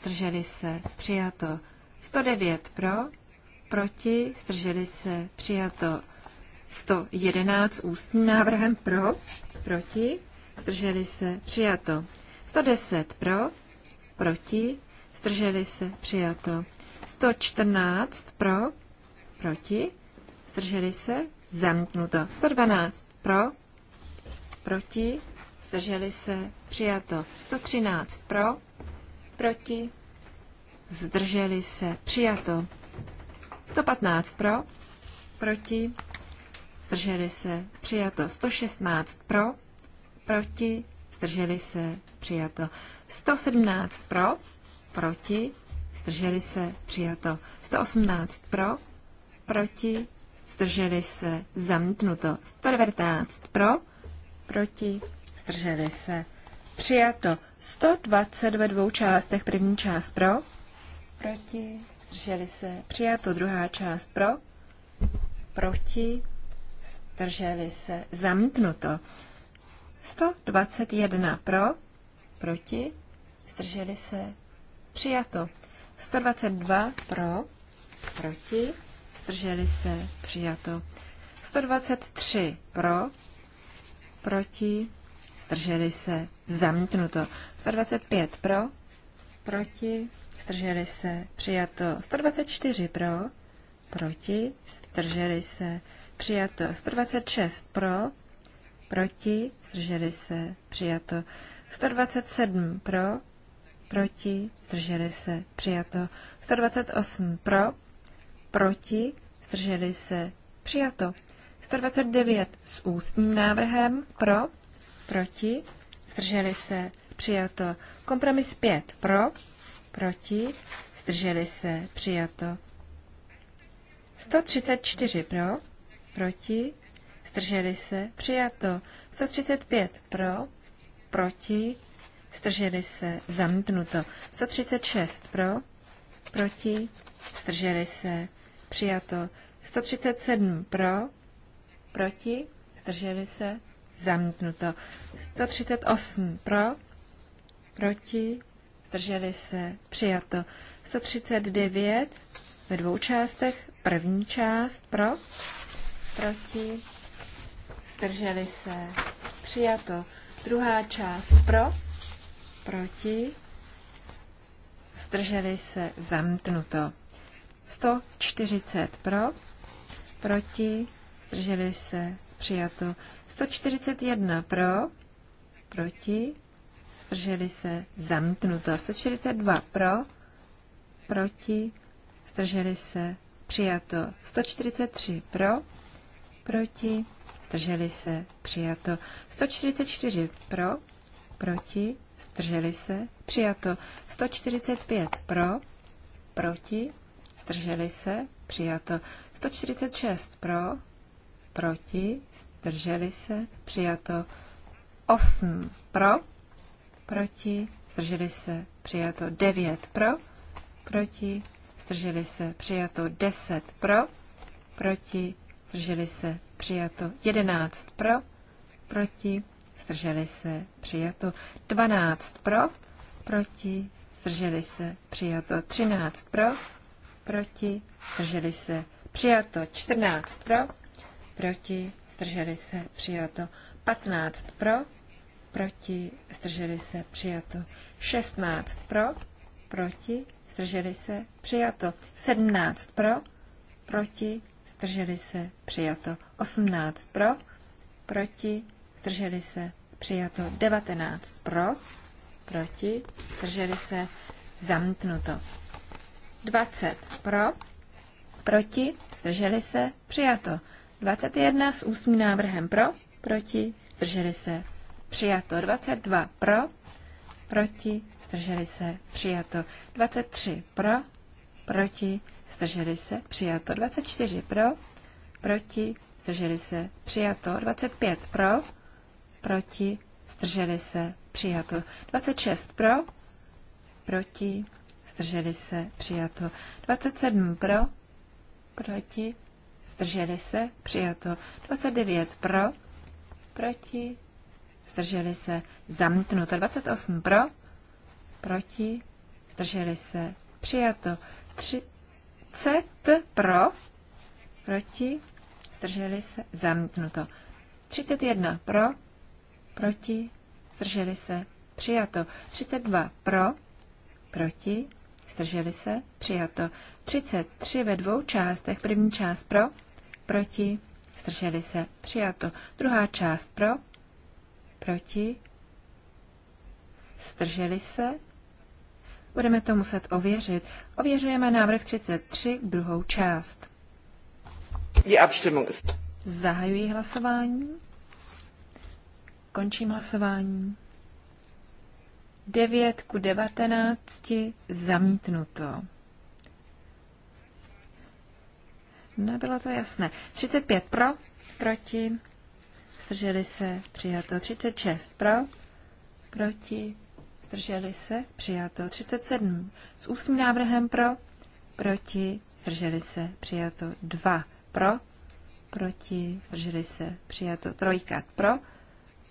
zdrželi se, přijato. 109 pro, proti, zdrželi se, přijato. 111 ústním návrhem pro, proti, zdrželi se, přijato. 110 pro, proti, zdrželi se, přijato. 114 pro, proti, zdrželi se, zamítnuto. 112 pro, proti, zdrželi se, přijato. 113 pro, proti, zdrželi se, přijato. 115 pro, proti, zdrželi se, přijato. 116 pro, proti, zdrželi se, přijato. 117 pro, proti, zdrželi se, přijato. 118 pro, proti, zdrželi se, zamítnuto. 119 pro, proti, zdrželi se. Přijato 120 ve dvou částech. První část pro, proti, zdrželi se. Přijato druhá část pro, proti, zdrželi se. Zamítnuto. 121 pro, proti, zdrželi se. Přijato. 122 pro, proti, zdrželi se. Přijato. 123 pro, proti, strželi se, zamítnuto. 125 pro, proti, strželi se, přijato. 124 pro, proti, strželi se, přijato. 126 pro, proti, strželi se, přijato. 127 pro, proti, strželi se, přijato. 128 pro, proti, strželi se, přijato. 129 s ústním návrhem pro, proti, zdrželi se, přijato. Kompromis 5 pro, proti, zdrželi se, přijato. 134 pro, proti, zdrželi se, přijato. 135 pro, proti, zdrželi se, zamítnuto. 136 pro, proti, zdrželi se, přijato. 137 pro, proti, zdrželi se, zamítnuto. 138 pro, proti, zdrželi se, přijato. 139 ve dvou částech, první část pro, proti, zdrželi se, přijato. Druhá část pro, proti, zdrželi se, zamítnuto. 140 pro, proti, zdrželi se, přijato. 141 pro, proti, zdrželi se, zamítnuto. 142 pro, proti, zdrželi se, přijato. 143 pro, proti, zdrželi se, přijato. 144 pro, proti, zdrželi se, přijato. 145 pro, proti, zdrželi se, přijato. 146 pro, proti, zdrželi se, přijato 8 pro, proti, zdrželi se, přijato 9 pro, proti, zdrželi se, přijato 10 pro, proti, zdrželi se, přijato 11 pro, proti, zdrželi se, přijato 12 pro, proti, zdrželi se, přijato 13 pro, proti, zdrželi se, přijato 14 pro, proti, zdrželi se, přijato. 15 pro, proti, zdrželi se, přijato. 16 pro, proti, zdrželi se, přijato. 17 pro, proti, zdrželi se, přijato. 18 pro, proti, zdrželi se, přijato. 19 pro, proti, zdrželi se, zamítnuto. 20 pro, proti, zdrželi se, přijato. 21 s ústním návrhem pro, proti, zdrželi se, přijato. 22 pro, proti, zdrželi se, přijato. 23 pro, proti, zdrželi se, přijato. 24 pro, proti, zdrželi se, přijato. 25 pro, proti, zdrželi se, přijato. 26 pro, proti, zdrželi se, přijato. 27 pro, proti, Zdrželi se? Přijato. 29 pro. Proti. Zdrželi se? Zamítnuto. 28 pro. Proti. Zdrželi se? Přijato. 30 pro. Proti. Zdrželi se? Zamítnuto. 31 pro. Proti. Zdrželi se? Přijato. 32 pro. Proti. Zdrželi se? Přijato. 33 ve dvou částech. První část pro, proti, zdrželi se. Přijato. Druhá část pro, proti, zdrželi se. Budeme to muset ověřit. Ověřujeme návrh 33, druhou část. je ist. Zahajuji hlasování. Končím hlasování. 9 ku 19 zamítnuto. Nebylo to jasné. 35 pro, proti, zdrželi se, přijato. 36 pro, proti, zdrželi se, přijato. 37 s ústním návrhem pro, proti, zdrželi se, přijato. 2 pro, proti, zdrželi se, přijato. 3 pro,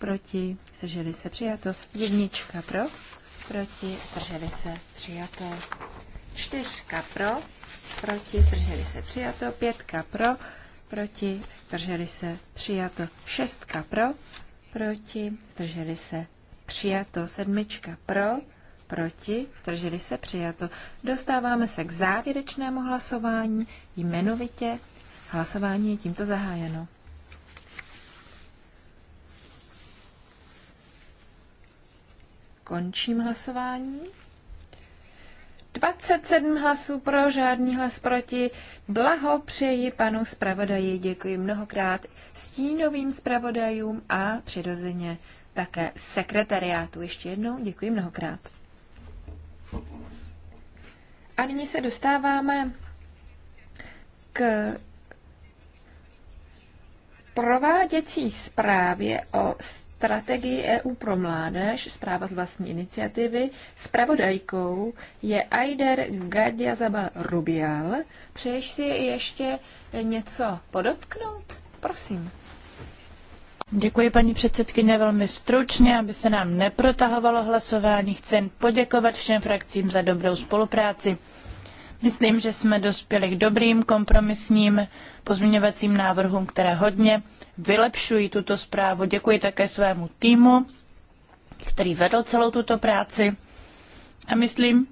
proti, zdrželi se přijato. Jednička pro, proti, zdrželi se přijato. Čtyřka pro, proti, zdrželi se přijato. Pětka pro, proti, zdrželi se přijato. Šestka pro, proti, zdrželi se přijato. Sedmička pro, proti, zdrželi se přijato. Dostáváme se k závěrečnému hlasování jmenovitě. Hlasování je tímto zahájeno. Končím hlasování. 27 hlasů pro, žádný hlas proti. Blaho přeji panu zpravodaji, děkuji mnohokrát stínovým zpravodajům a přirozeně také sekretariátu. Ještě jednou děkuji mnohokrát. A nyní se dostáváme k prováděcí zprávě o strategii EU pro mládež, zpráva z vlastní iniciativy. Spravodajkou je Aider Gardiazabal Rubial. Přeješ si ještě něco podotknout? Prosím. Děkuji, paní předsedkyně, velmi stručně, aby se nám neprotahovalo hlasování. Chci poděkovat všem frakcím za dobrou spolupráci. Myslím, že jsme dospěli k dobrým kompromisním pozměňovacím návrhům, které hodně vylepšují tuto zprávu. Děkuji také svému týmu, který vedl celou tuto práci. A myslím,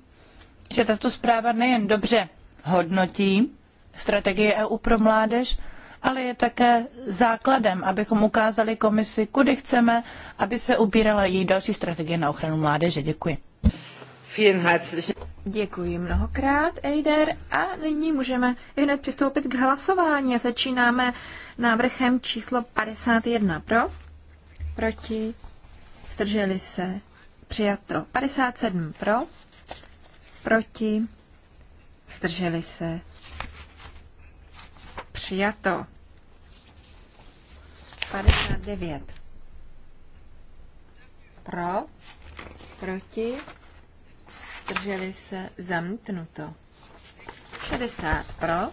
že tato zpráva nejen dobře hodnotí strategii EU pro mládež, ale je také základem, abychom ukázali komisi, kudy chceme, aby se ubírala její další strategie na ochranu mládeže. Děkuji. Děkuji mnohokrát, Eider. A nyní můžeme hned přistoupit k hlasování. Začínáme návrhem číslo 51 pro, proti, zdrželi se, přijato 57 pro, proti, zdrželi se, přijato 59 pro, proti, zdrželi se, zamítnuto. 60 pro,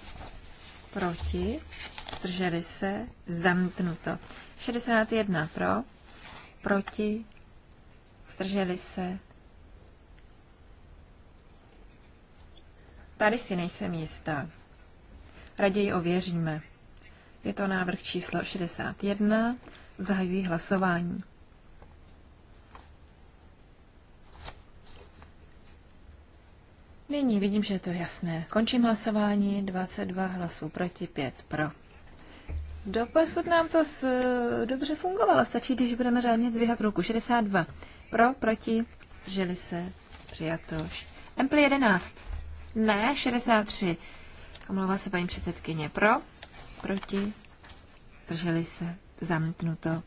proti, zdrželi se, zamítnuto. 61 pro, proti, zdrželi se. Tady si nejsem jistá. Raději ověříme. Je to návrh číslo 61. Zahajuji hlasování. Nyní vidím, že je to jasné. Končím hlasování. 22 hlasů proti, 5 pro. Doposud nám to s, dobře fungovalo. Stačí, když budeme řádně dvíhat ruku. 62 pro, proti, zdrželi se, přijato. Empli 11. Ne, 63. Omlouvá se paní předsedkyně. Pro, proti, zdrželi se, zamítnuto.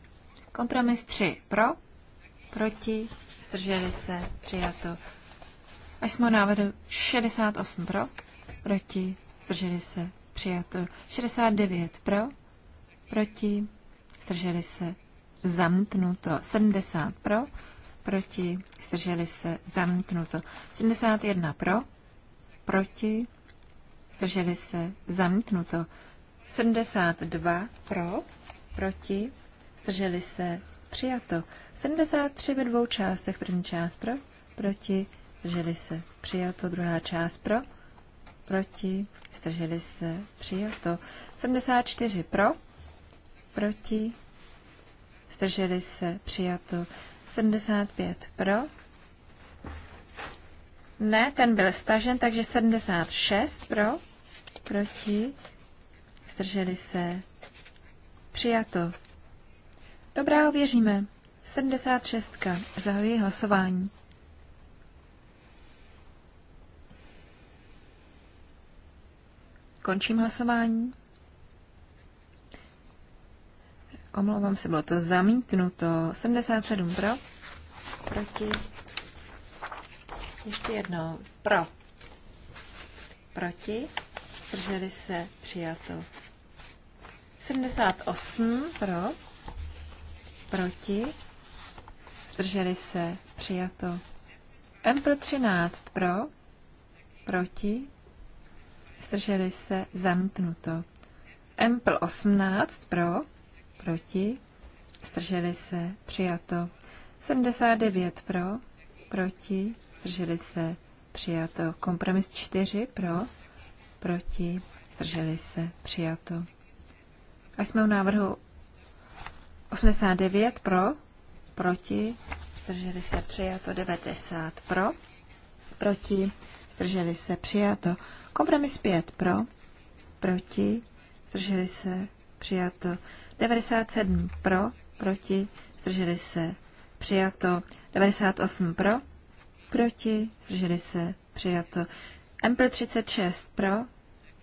Kompromis 3. Pro, proti, zdrželi se, přijato až jsme návrhu 68 pro, proti, zdrželi se, přijato. 69 pro, proti, zdrželi se, zamknuto. 70 pro, proti, zdrželi se, zamknuto. 71 pro, proti, zdrželi se, zamknuto. 72 pro, proti, zdrželi se, přijato. 73 ve dvou částech, první část pro, proti, zdrželi se, přijato. Druhá část pro, proti, zdrželi se, přijato. 74 pro, proti, zdrželi se, přijato. 75 pro, ne, ten byl stažen, takže 76 pro, proti, zdrželi se, přijato. Dobrá, ověříme. 76. Zahajuji hlasování. Končím hlasování. Omlouvám se, bylo to zamítnuto. 77 pro, proti. Ještě jednou. Pro. Proti. Zdrželi se. Přijato. 78 pro. Proti. Zdrželi se. Přijato. M pro 13 pro. Proti zdrželi se, zamknuto. Empl 18 pro, proti, zdrželi se, přijato. 79 pro, proti, zdrželi se, přijato. Kompromis 4 pro, proti, zdrželi se, přijato. A jsme u návrhu 89 pro, proti, zdrželi se, přijato. 90 pro, proti, zdrželi se, přijato. Kompromis 5 pro, proti, zdrželi se, přijato. 97 pro, proti, zdrželi se, přijato. 98 pro, proti, zdrželi se, přijato. mp 36 pro,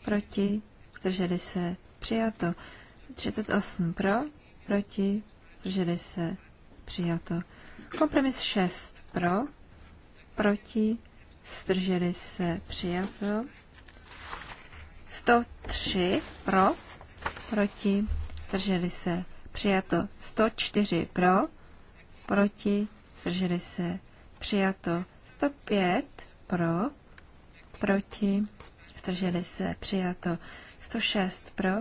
proti, zdrželi se, přijato. 38 pro, proti, zdrželi se, přijato. Kompromis 6 pro, proti, zdrželi se, přijato. 103 pro, proti, zdrželi se, přijato 104 pro, proti, zdrželi se, přijato 105 pro, proti, zdrželi se, přijato 106 pro,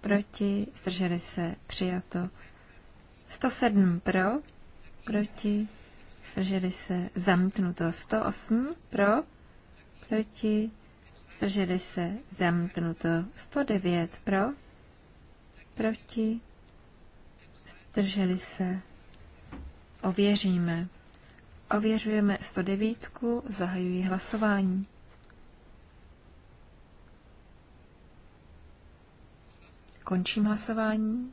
proti, zdrželi se, přijato 107 pro, proti, zdrželi se, zamítnuto 108 pro, proti, zdrželi se, zamítnuto 109 pro, proti, zdrželi se, ověříme. Ověřujeme 109, zahajuji hlasování. Končím hlasování.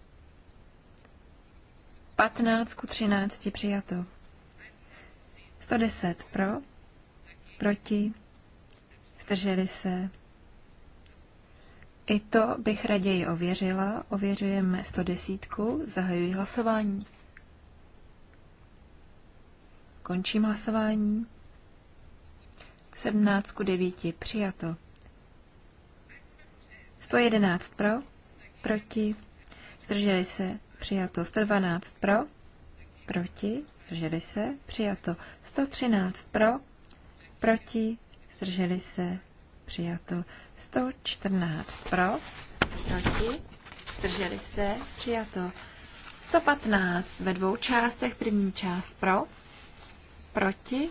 15 ku 13 přijato. 110 pro, proti, zdrželi se. I to bych raději ověřila. Ověřujeme 110. Zahajuji hlasování. Končím hlasování. 17 ku 9 přijato. 111 pro, proti, zdrželi se, přijato. 112 pro, proti, zdrželi se, přijato. 113 pro, proti, zdrželi se, přijato 114 pro, proti, zdrželi se, přijato 115 ve dvou částech, první část pro, proti,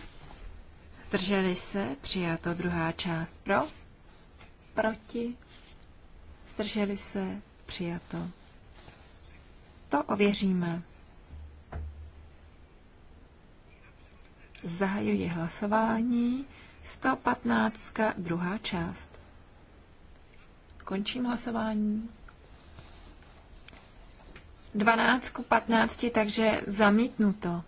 zdrželi se, přijato druhá část pro, proti, zdrželi se, přijato. To ověříme. Zahajuji hlasování. 115. druhá část. Končím hlasování. 12 ku 15, takže zamítnuto.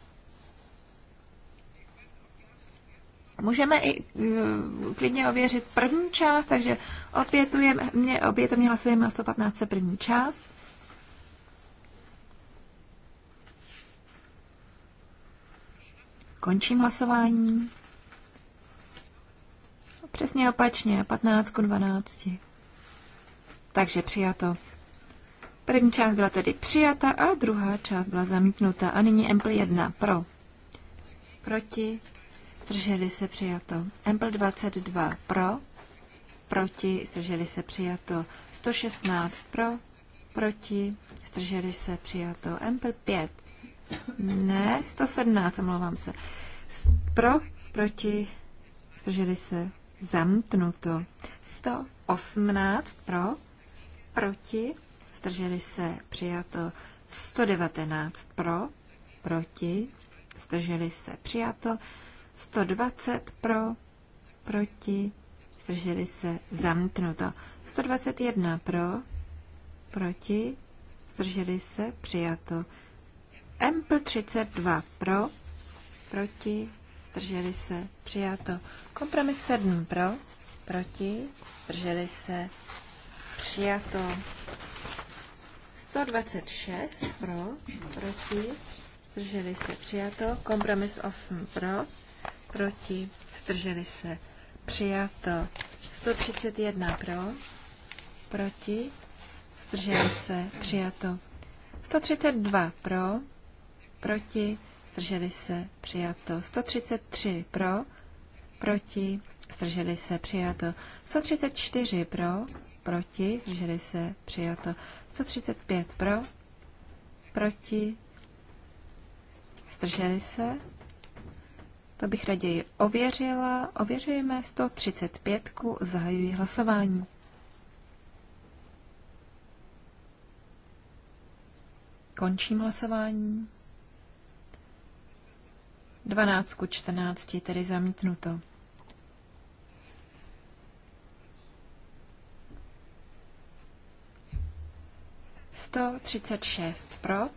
Můžeme i uh, klidně ověřit první část, takže opětujeme, mě, opětovně hlasujeme na 115 první část. Končím hlasování. Přesně opačně, 15 k 12. Takže přijato. První část byla tedy přijata a druhá část byla zamítnuta. A nyní Ample 1 pro. Proti. Zdrželi se přijato. Ample 22 pro. Proti. Zdrželi se přijato. 116 pro. Proti. Zdrželi se přijato. Ample 5. Ne, 117, omlouvám se. Pro. Proti. Zdrželi se zamknuto. 118 pro, proti, zdrželi se, přijato. 119 pro, proti, zdrželi se, přijato. 120 pro, proti, zdrželi se, zamknuto. 121 pro, proti, zdrželi se, přijato. Ample 32 pro, proti, zdrželi se, přijato. Kompromis 7 pro, proti, zdrželi se, přijato. 126 pro, proti, zdrželi se, přijato. Kompromis 8 pro, proti, zdrželi se, přijato. 131 pro, proti, zdrželi se, přijato. 132 pro, proti, zdrželi se, přijato. 133 pro, proti, zdrželi se, přijato. 134 pro, proti, zdrželi se, přijato. 135 pro, proti, zdrželi se. To bych raději ověřila. Ověřujeme 135, zahajuji hlasování. Končím hlasování. 12 ku 14, tedy zamítnuto. Sto třicet šest pro,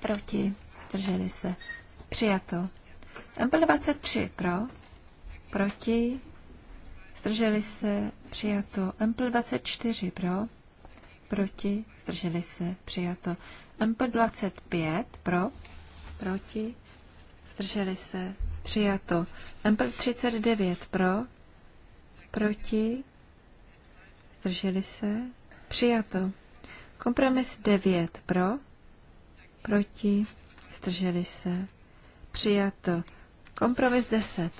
proti, zdrželi se, přijato. Ample 23 pro, proti, zdrželi se, přijato. Ample 24 pro, proti, zdrželi se, přijato. Ample 25 pro, proti, zdrželi se, přijato. Ample 39 pro, proti, zdrželi se, přijato. Kompromis 9 pro, proti, zdrželi se, přijato. Kompromis 10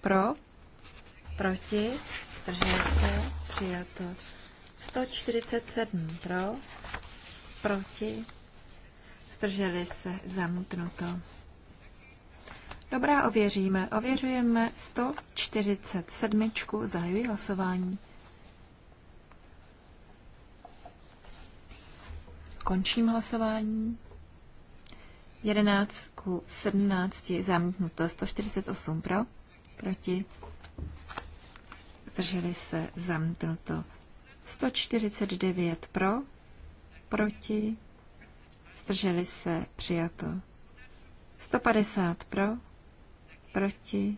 pro, proti, zdrželi se, přijato. 147 pro, proti, zdrželi se, zamítnuto. Dobrá, ověříme. Ověřujeme 147. Zahajuji hlasování. Končím hlasování. 11 k 17 zamítnuto, 148 pro, proti, drželi se zamítnuto, 149 pro, proti, zdrželi se přijato, 150 pro, proti,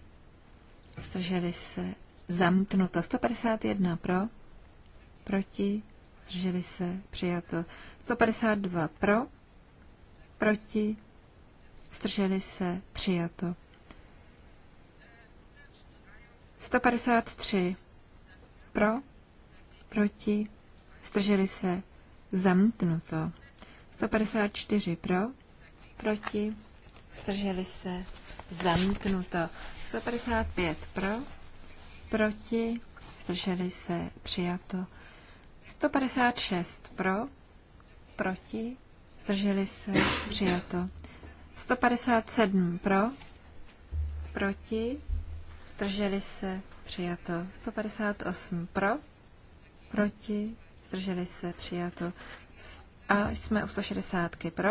zdrželi se, zamknuto, 151 pro, proti, zdrželi se, přijato. 152 pro, proti, zdrželi se, přijato. 153 pro, proti, zdrželi se, zamknuto. 154 pro, proti, zdrželi se, zamítnuto. 155 pro, proti, zdrželi se, přijato. 156 pro, proti, zdrželi se, přijato. 157 pro, proti, zdrželi se, přijato. 158 pro, proti, zdrželi se, přijato. A jsme u 160 pro,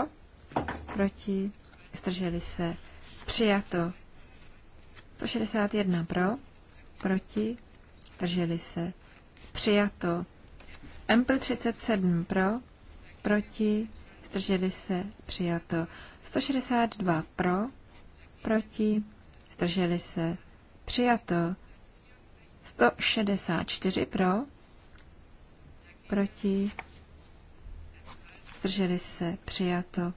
proti, zdrželi se, Přijato. 161 pro, proti, drželi se. Přijato. Ample 37 pro, proti, zdrželi se, přijato. 162 pro, proti, zdrželi se, přijato. 164 pro, proti, zdrželi se, přijato.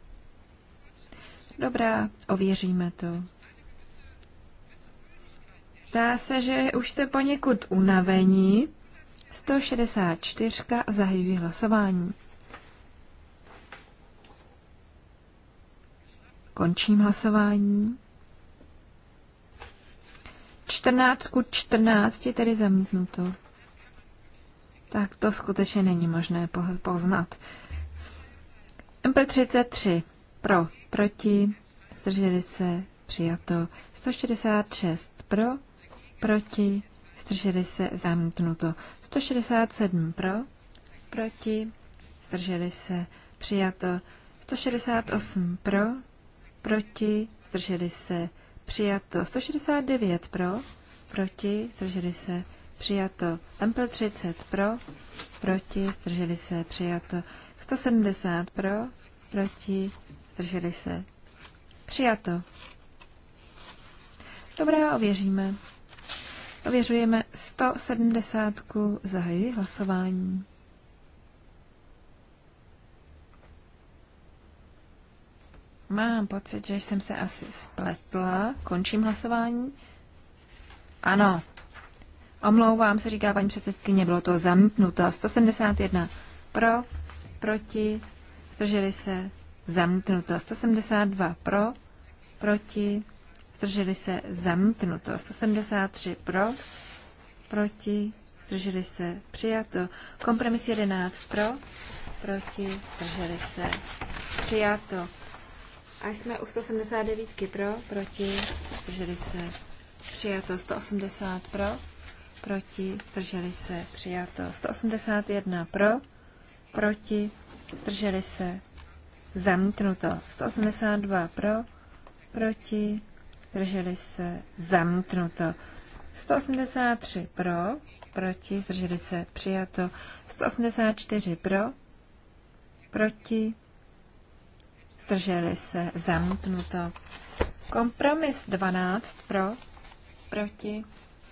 Dobrá, ověříme to. Dá se, že už jste poněkud unavení. 164. Zahajuji hlasování. Končím hlasování. 14 ku 14 je tedy zamítnuto. Tak to skutečně není možné poznat. MP33. Pro, proti, zdrželi se, přijato. 166 pro, proti, zdrželi se, zamítnuto. 167 pro, proti, zdrželi se, přijato. 168 pro, proti, zdrželi se, přijato. 169 pro, proti, zdrželi se, přijato. Ample 30 pro, proti, zdrželi se, přijato. 170 pro, proti, zdrželi se. Přijato. Dobrá, ověříme. Ověřujeme 170. Zahajuji hlasování. Mám pocit, že jsem se asi spletla. Končím hlasování. Ano. Omlouvám se, říká paní předsedkyně, bylo to zamítnuto. 171 pro, proti, zdrželi se, zamknuto 172 pro, proti, zdrželi se, zamknuto 173 pro, proti, zdrželi se, přijato. Kompromis 11 pro, proti, zdrželi se, přijato. A jsme u 179 pro, proti, zdrželi se, přijato. 180 pro, proti, zdrželi se, přijato. 181 pro, proti, zdrželi se, zamítnuto. 182 pro, proti, zdrželi se, zamítnuto. 183 pro, proti, zdrželi se, přijato. 184 pro, proti, zdrželi se, zamítnuto. Kompromis 12 pro, proti,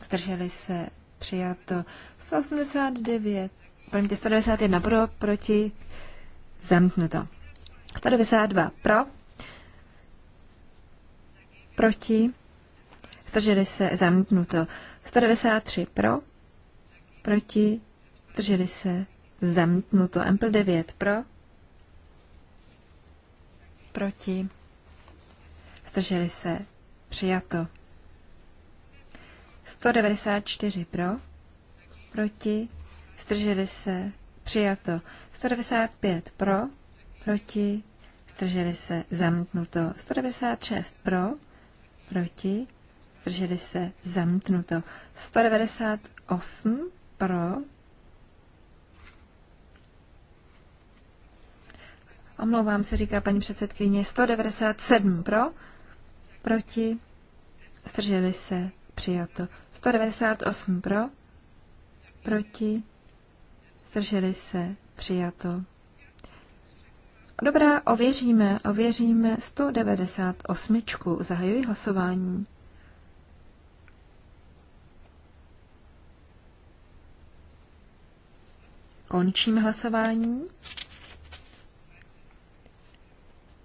zdrželi se, přijato. 189, promiňte, 191 pro, proti, zamítnuto. 192 pro, proti, zdrželi se, zamítnuto. 193 pro, proti, zdrželi se, zamítnuto. ampl 9 pro, proti, zdrželi se, přijato. 194 pro, proti, zdrželi se, přijato. 195 pro, proti, zdrželi se zamknuto 196 pro, proti, zdrželi se zamknuto 198 pro, omlouvám se, říká paní předsedkyně, 197 pro, proti, zdrželi se přijato 198 pro, proti, zdrželi se přijato Dobrá, ověříme, ověříme 198. Zahajuji hlasování. Končím hlasování.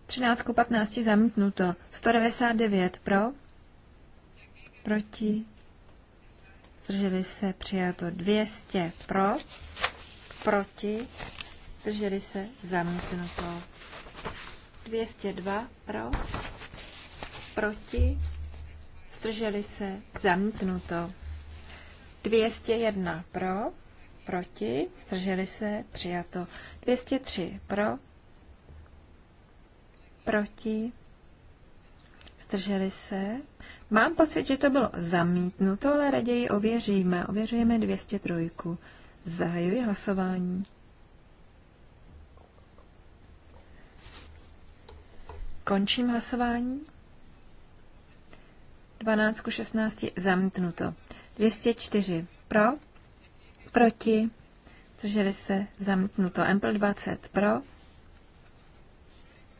13 k 15 zamítnuto. 199 pro. Proti. Zdrželi se přijato 200 pro. Proti zdrželi se, zamítnuto. 202 pro, proti, zdrželi se, zamítnuto. 201 pro, proti, zdrželi se, přijato. 203 pro, proti, zdrželi se. Mám pocit, že to bylo zamítnuto, ale raději ověříme. Ověřujeme 203. Zahajuji hlasování. Končím hlasování. 12 ku 16 zamítnuto. 204 pro, proti, drželi se zamítnuto. Ample 20 pro.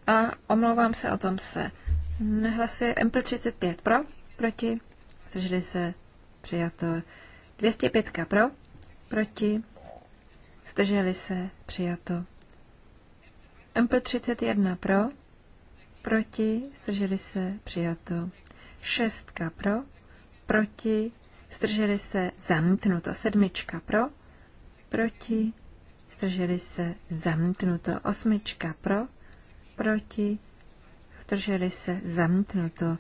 A omlouvám se, o tom se nehlasuje. Ample 35 pro, proti, drželi se přijato. 205 pro, proti, zdrželi se přijato. Ample 31 pro, proti, zdrželi se, přijato. Šestka pro, proti, zdrželi se, zamítnuto. Sedmička pro, proti, zdrželi se, zamítnuto. Osmička pro, proti, zdrželi se, zamítnuto.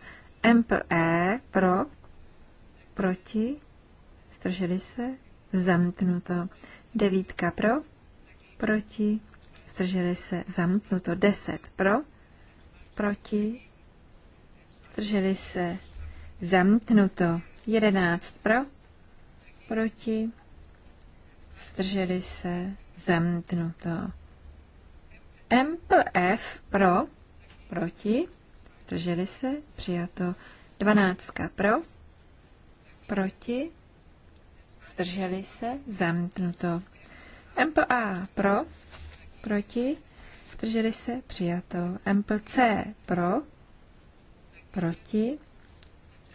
MPE pro, proti, zdrželi se, zamítnuto. Devítka pro, proti, zdrželi se, zamítnuto. Deset pro, proti, Drželi se, zamknuto. 11 pro, proti, zdrželi se, zamknuto. Ample F pro, proti, zdrželi se, přijato. 12 pro, proti, zdrželi se, zamknuto. MPA A pro, proti, zdrželi se, přijato. MPC pro, proti,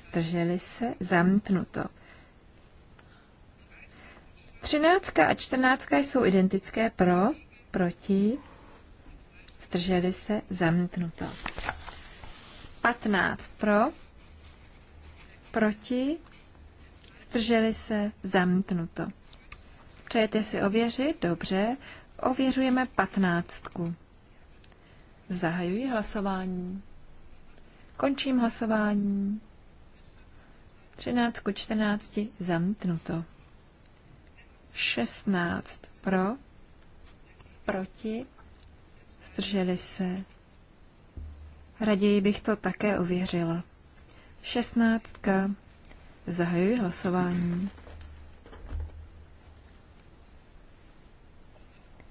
zdrželi se, zamítnuto. Třináctka a čtrnáctka jsou identické pro, proti, zdrželi se, zamítnuto. Patnáct pro, proti, zdrželi se, zamítnuto. Přejete si ověřit? Dobře. Ověřujeme patnáctku. Zahajuji hlasování. Končím hlasování. 13 ku 14 zamítnuto. 16 pro, proti, zdrželi se. Raději bych to také ověřila. 16. Zahajuji hlasování.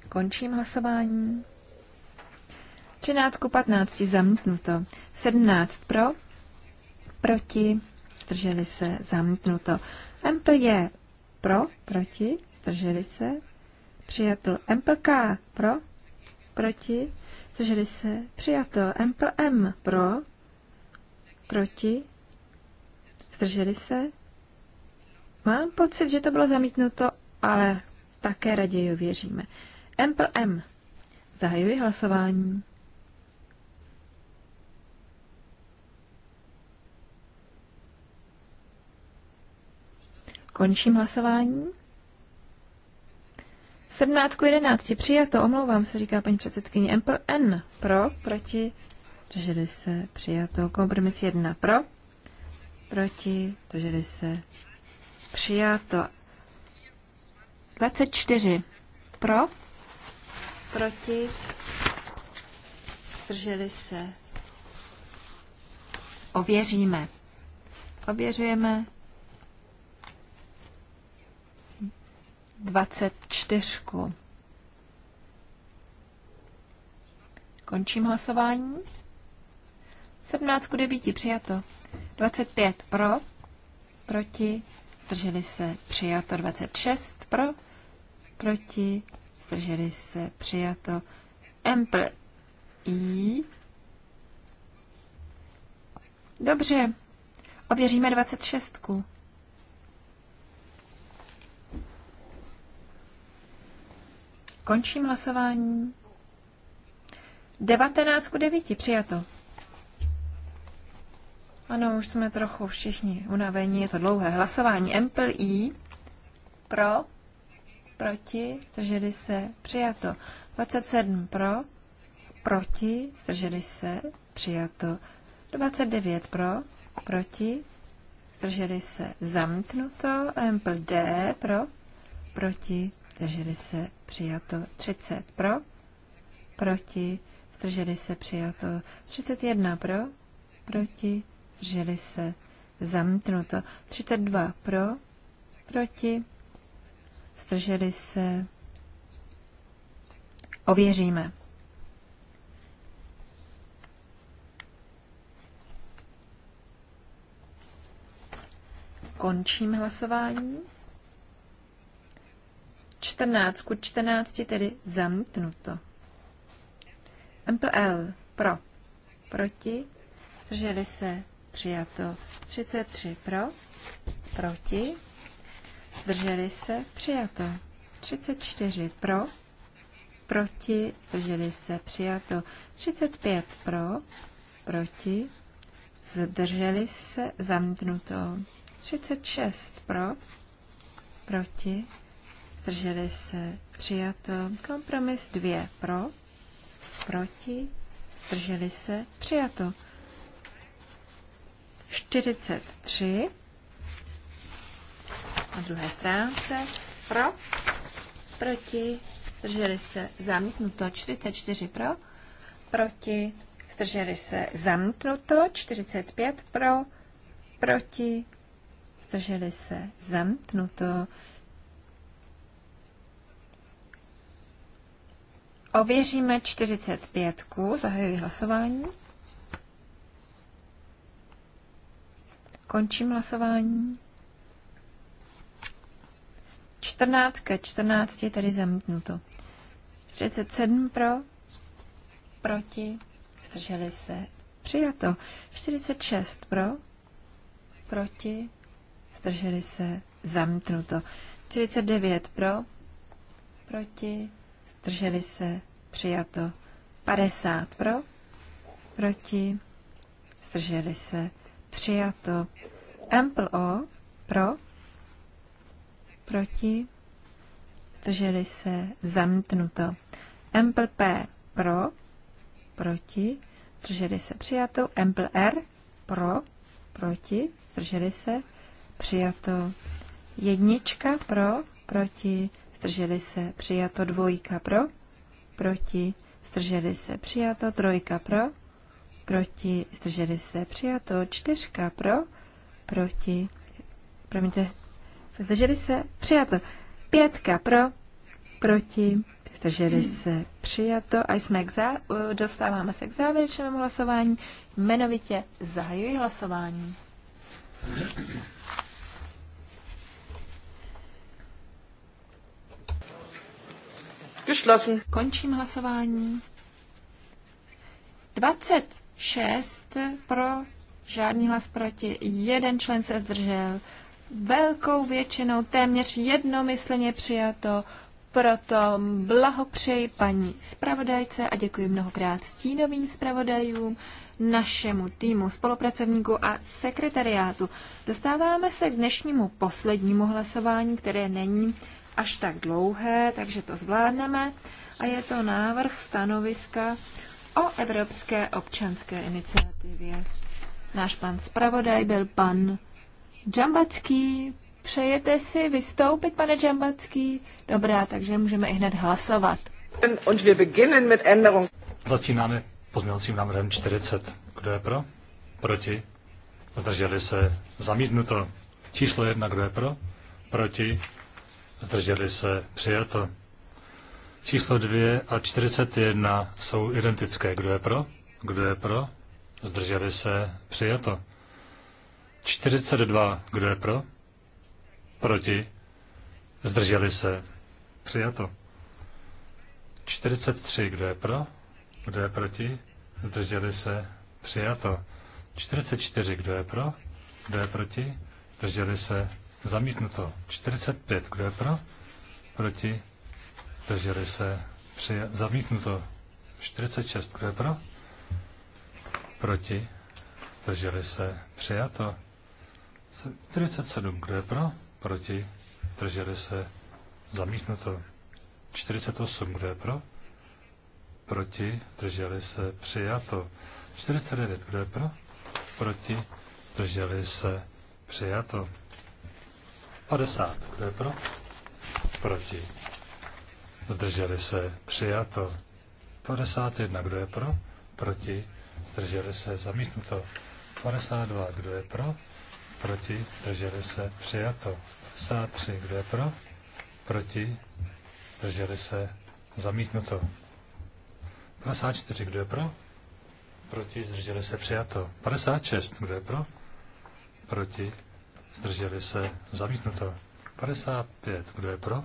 Končím hlasování. 13 ku 15 zamítnuto. 17 pro, proti, zdrželi se, zamítnuto. ample je pro, proti, zdrželi se, přijato. MPK K pro, proti, zdrželi se, přijato. MPM M pro, proti, zdrželi se. Mám pocit, že to bylo zamítnuto, ale také raději věříme. MPM, M. Zahajuji hlasování. Končím hlasování. 17 k 11. Přijato, omlouvám se, říká paní předsedkyně. M N pro, proti, drželi se, přijato. Kompromis 1 pro, proti, drželi se, přijato. 24 pro, proti, Drželi se. Ověříme. Ověřujeme 24. Končím hlasování. 17 k 9 přijato. 25 pro, proti, zdrželi se přijato. 26 pro, proti, zdrželi se přijato. Ample I. Dobře, ověříme 26. -ku. Končím hlasování. 19 k 9 přijato. Ano, už jsme trochu všichni unavení, je to dlouhé hlasování. MPL I pro, proti, zdrželi se, přijato. 27 pro, proti, zdrželi se, přijato. 29 pro, proti, zdrželi se, zamítnuto. MPL D pro, proti, zdrželi se, přijato 30 pro, proti, zdrželi se, přijato 31 pro, proti, zdrželi se, zamítnuto 32 pro, proti, zdrželi se, ověříme. Končím hlasování. 14 ku 14, tedy zamítnuto. MPL pro, proti, zdrželi se, přijato. 33 pro, proti, zdrželi se, přijato. 34 pro, proti, zdrželi se, přijato. 35 pro, proti, zdrželi se, zamítnuto. 36 pro, proti, zdrželi se, přijato. Kompromis dvě pro, proti, zdrželi se, přijato. 43 na druhé stránce pro, proti, zdrželi se, zamítnuto 44 pro, proti, zdrželi se, zamítnuto 45 pro, proti, zdrželi se, zamítnuto Ověříme 45. Zahajuji hlasování. Končím hlasování. 14 ke 14 je tedy zamítnuto. 37 pro, proti, zdrželi se, přijato. 46 pro, proti, zdrželi se, zamítnuto. 49 pro, proti, zdrželi se, přijato 50 pro, proti, zdrželi se, přijato Ample O pro, proti, zdrželi se, zamítnuto. Ample P pro, proti, zdrželi se, přijato. Ample R pro, proti, zdrželi se, přijato. Jednička pro, proti, zdrželi se, přijato dvojka pro, proti, zdrželi se, přijato trojka pro, proti, zdrželi se, přijato čtyřka pro, proti, promiňte, zdrželi se, přijato pětka pro, proti, zdrželi se, přijato a jsme k zá, dostáváme se k závěrečnému hlasování, jmenovitě zahajuji hlasování. Geschlossen. Končím hlasování. 26 pro, žádný hlas proti, jeden člen se zdržel. Velkou většinou téměř jednomyslně přijato. Proto blahopřeji paní zpravodajce a děkuji mnohokrát stínovým zpravodajům, našemu týmu spolupracovníku a sekretariátu. Dostáváme se k dnešnímu poslednímu hlasování, které není až tak dlouhé, takže to zvládneme. A je to návrh stanoviska o Evropské občanské iniciativě. Náš pan zpravodaj byl pan Džambacký. Přejete si vystoupit, pane Džambacký? Dobrá, takže můžeme i hned hlasovat. Začínáme pozměňovacím návrhem 40. Kdo je pro? Proti? Zdrželi se. Zamítnuto. Číslo jedna, Kdo je pro? Proti? zdrželi se, přijato. Číslo 2 a 41 jsou identické. Kdo je pro? Kdo je pro? Zdrželi se, přijato. 42. Kdo je pro? Proti? Zdrželi se, přijato. 43. Kdo je pro? Kdo je proti? Zdrželi se, přijato. 44. Kdo je pro? Kdo je proti? Zdrželi se, Zamítnuto. 45. Kdo je pro? Proti? Drželi se. Přija- zamítnuto. 46. Kdo je pro? Proti? Drželi se. Přijato. 47. Kdo je pro? Proti? Drželi se. Zamítnuto. 48. Kdo je pro? Proti? Drželi se. Přijato. 49. Kdo je pro? Proti? Drželi se. Přijato. 50. Kdo je pro? Proti. Zdrželi se. Přijato. 51. Kdo je pro? Proti. Zdrželi se. Zamítnuto. 52. Kdo je pro? Proti. Zdrželi se. Přijato. 53. Kdo je pro? Proti. Zdrželi se. Zamítnuto. 54. Kdo je pro? Proti. Zdrželi se. Přijato. 56. Kdo je pro? Proti zdrželi se, zamítnuto. 55, kdo je pro,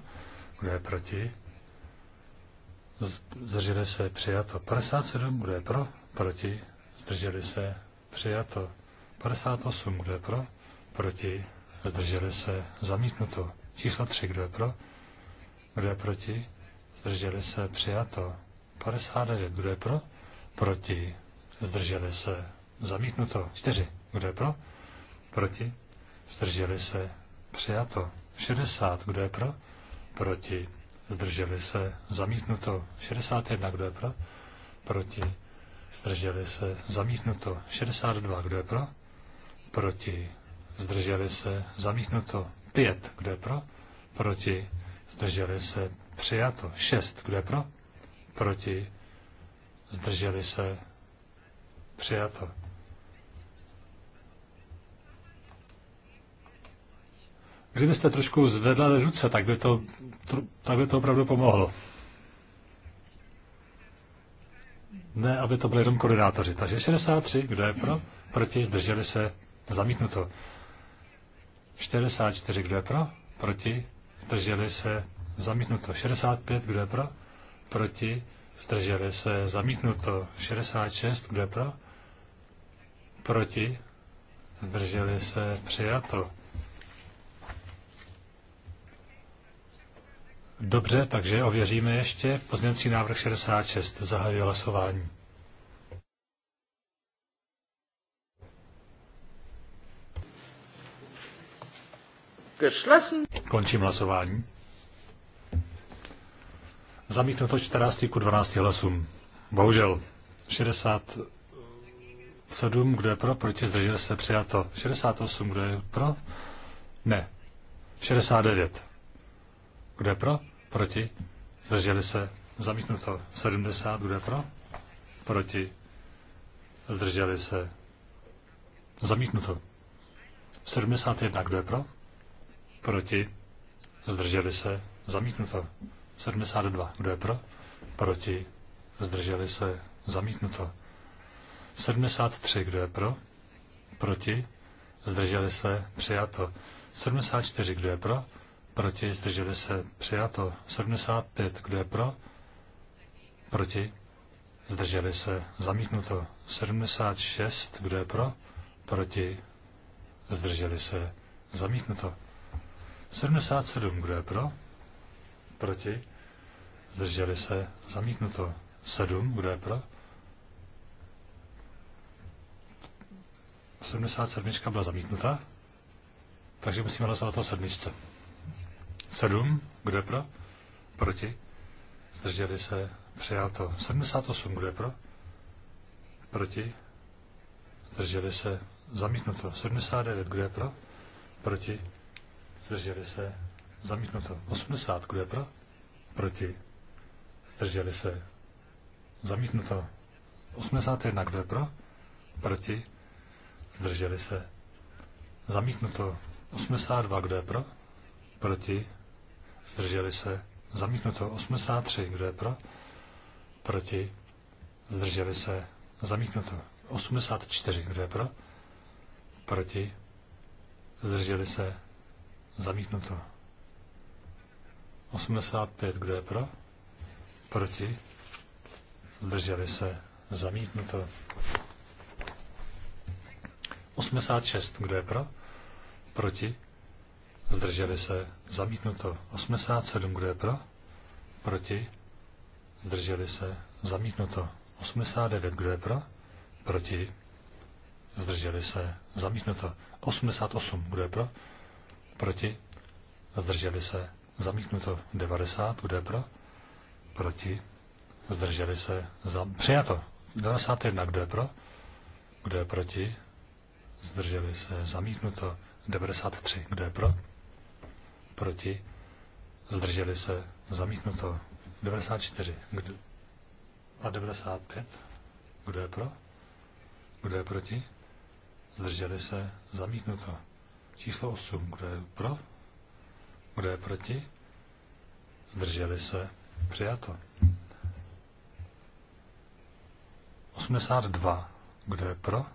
kdo je proti, zdrželi se, přijato. 57, kdo je pro, proti, zdrželi se, přijato. 58, kdo je pro, proti, zdrželi se, zamítnuto. Číslo 3, kdo je pro, kdo je proti, zdrželi se, přijato. 59, kdo je pro, proti, zdrželi se, zamítnuto. 4, kdo je pro, proti, Zdrželi se. Přijato. 60. Kdo je pro? Proti. Zdrželi se. Zamítnuto. 61. Kdo je pro? Proti. Zdrželi se. Zamítnuto. 62. Kdo je pro? Proti. Zdrželi se. Zamítnuto. 5. Kdo je pro? Proti. Zdrželi se. Přijato. 6. Kdo je pro? Proti. Zdrželi se. Přijato. Kdybyste trošku zvedla ruce, tak by to, tak by to opravdu pomohlo. Ne, aby to byli jenom koordinátoři. Takže 63, kdo je pro? Proti, zdrželi se, zamítnuto. 44, kdo je pro? Proti, zdrželi se, zamítnuto. 65, kdo je pro? Proti, zdrželi se, zamítnuto. 66, kdo je pro? Proti, zdrželi se, přijato. Dobře, takže ověříme ještě. Pozměňovací návrh 66. Zahajuji hlasování. Geschlossen. Končím hlasování. Zamítnuto 14 ku 12 hlasům. Bohužel. 67, kdo je pro, proti, zdržel se, přijato. 68, kdo je pro? Ne. 69. Kdo je pro? Proti? Zdrželi se? Zamítnuto. 70. Kdo je pro? Proti? Zdrželi se? Zamítnuto. 71. Kdo je pro? Proti? Zdrželi se? Zamítnuto. 72. Kdo je pro? Proti? Zdrželi se? Zamítnuto. 73. Kdo je pro? Proti? Zdrželi se? Přijato. 74. Kdo je pro? Proti? Zdrželi se? Přijato. 75. Kdo je pro? Proti? Zdrželi se? Zamítnuto. 76. Kdo je pro? Proti? Zdrželi se? Zamítnuto. 77. Kdo je pro? Proti? Zdrželi se? Zamítnuto. 7. Kdo je pro? 77. byla zamítnuta, takže musíme hlasovat o sedmičce. 7. Kdo je pro? Proti? Zdrželi se? Přijato. 78. Kdo je pro? Proti? Zdrželi se? Zamítnuto. 79. Kdo je pro? Proti? Zdrželi se? Zamítnuto. 80. Kdo je pro? Proti? Zdrželi se? Zamítnuto. 81. Kdo je pro? Proti? Zdrželi se? Zamítnuto. 82. Kdo je pro? Proti? zdrželi se, zamítnuto 83, kdo je pro, proti, zdrželi se, zamítnuto 84, kdo je pro, proti, zdrželi se, zamítnuto 85, kdo je pro, proti, zdrželi se, zamítnuto 86, kdo je pro, proti, Zdrželi se. Zamítnuto. 87. Kdo je pro? Proti? Zdrželi se. Zamítnuto. 89. Kdo je pro? Proti? Zdrželi se. Zamítnuto. 88. Kdo je pro? Proti? Zdrželi se. Zamítnuto. 90. Kdo je pro? Proti? Zdrželi se. Zam... Přijato. 91. Kdo je pro? Kdo je proti? Zdrželi se. Zamítnuto. 93. Kdo je pro? proti, zdrželi se, zamítnuto. 94, kdo? A 95, kdo je pro? Kdo je proti? Zdrželi se, zamítnuto. Číslo 8, kdo je pro? Kdo je proti? Zdrželi se, přijato. 82, kdo je pro?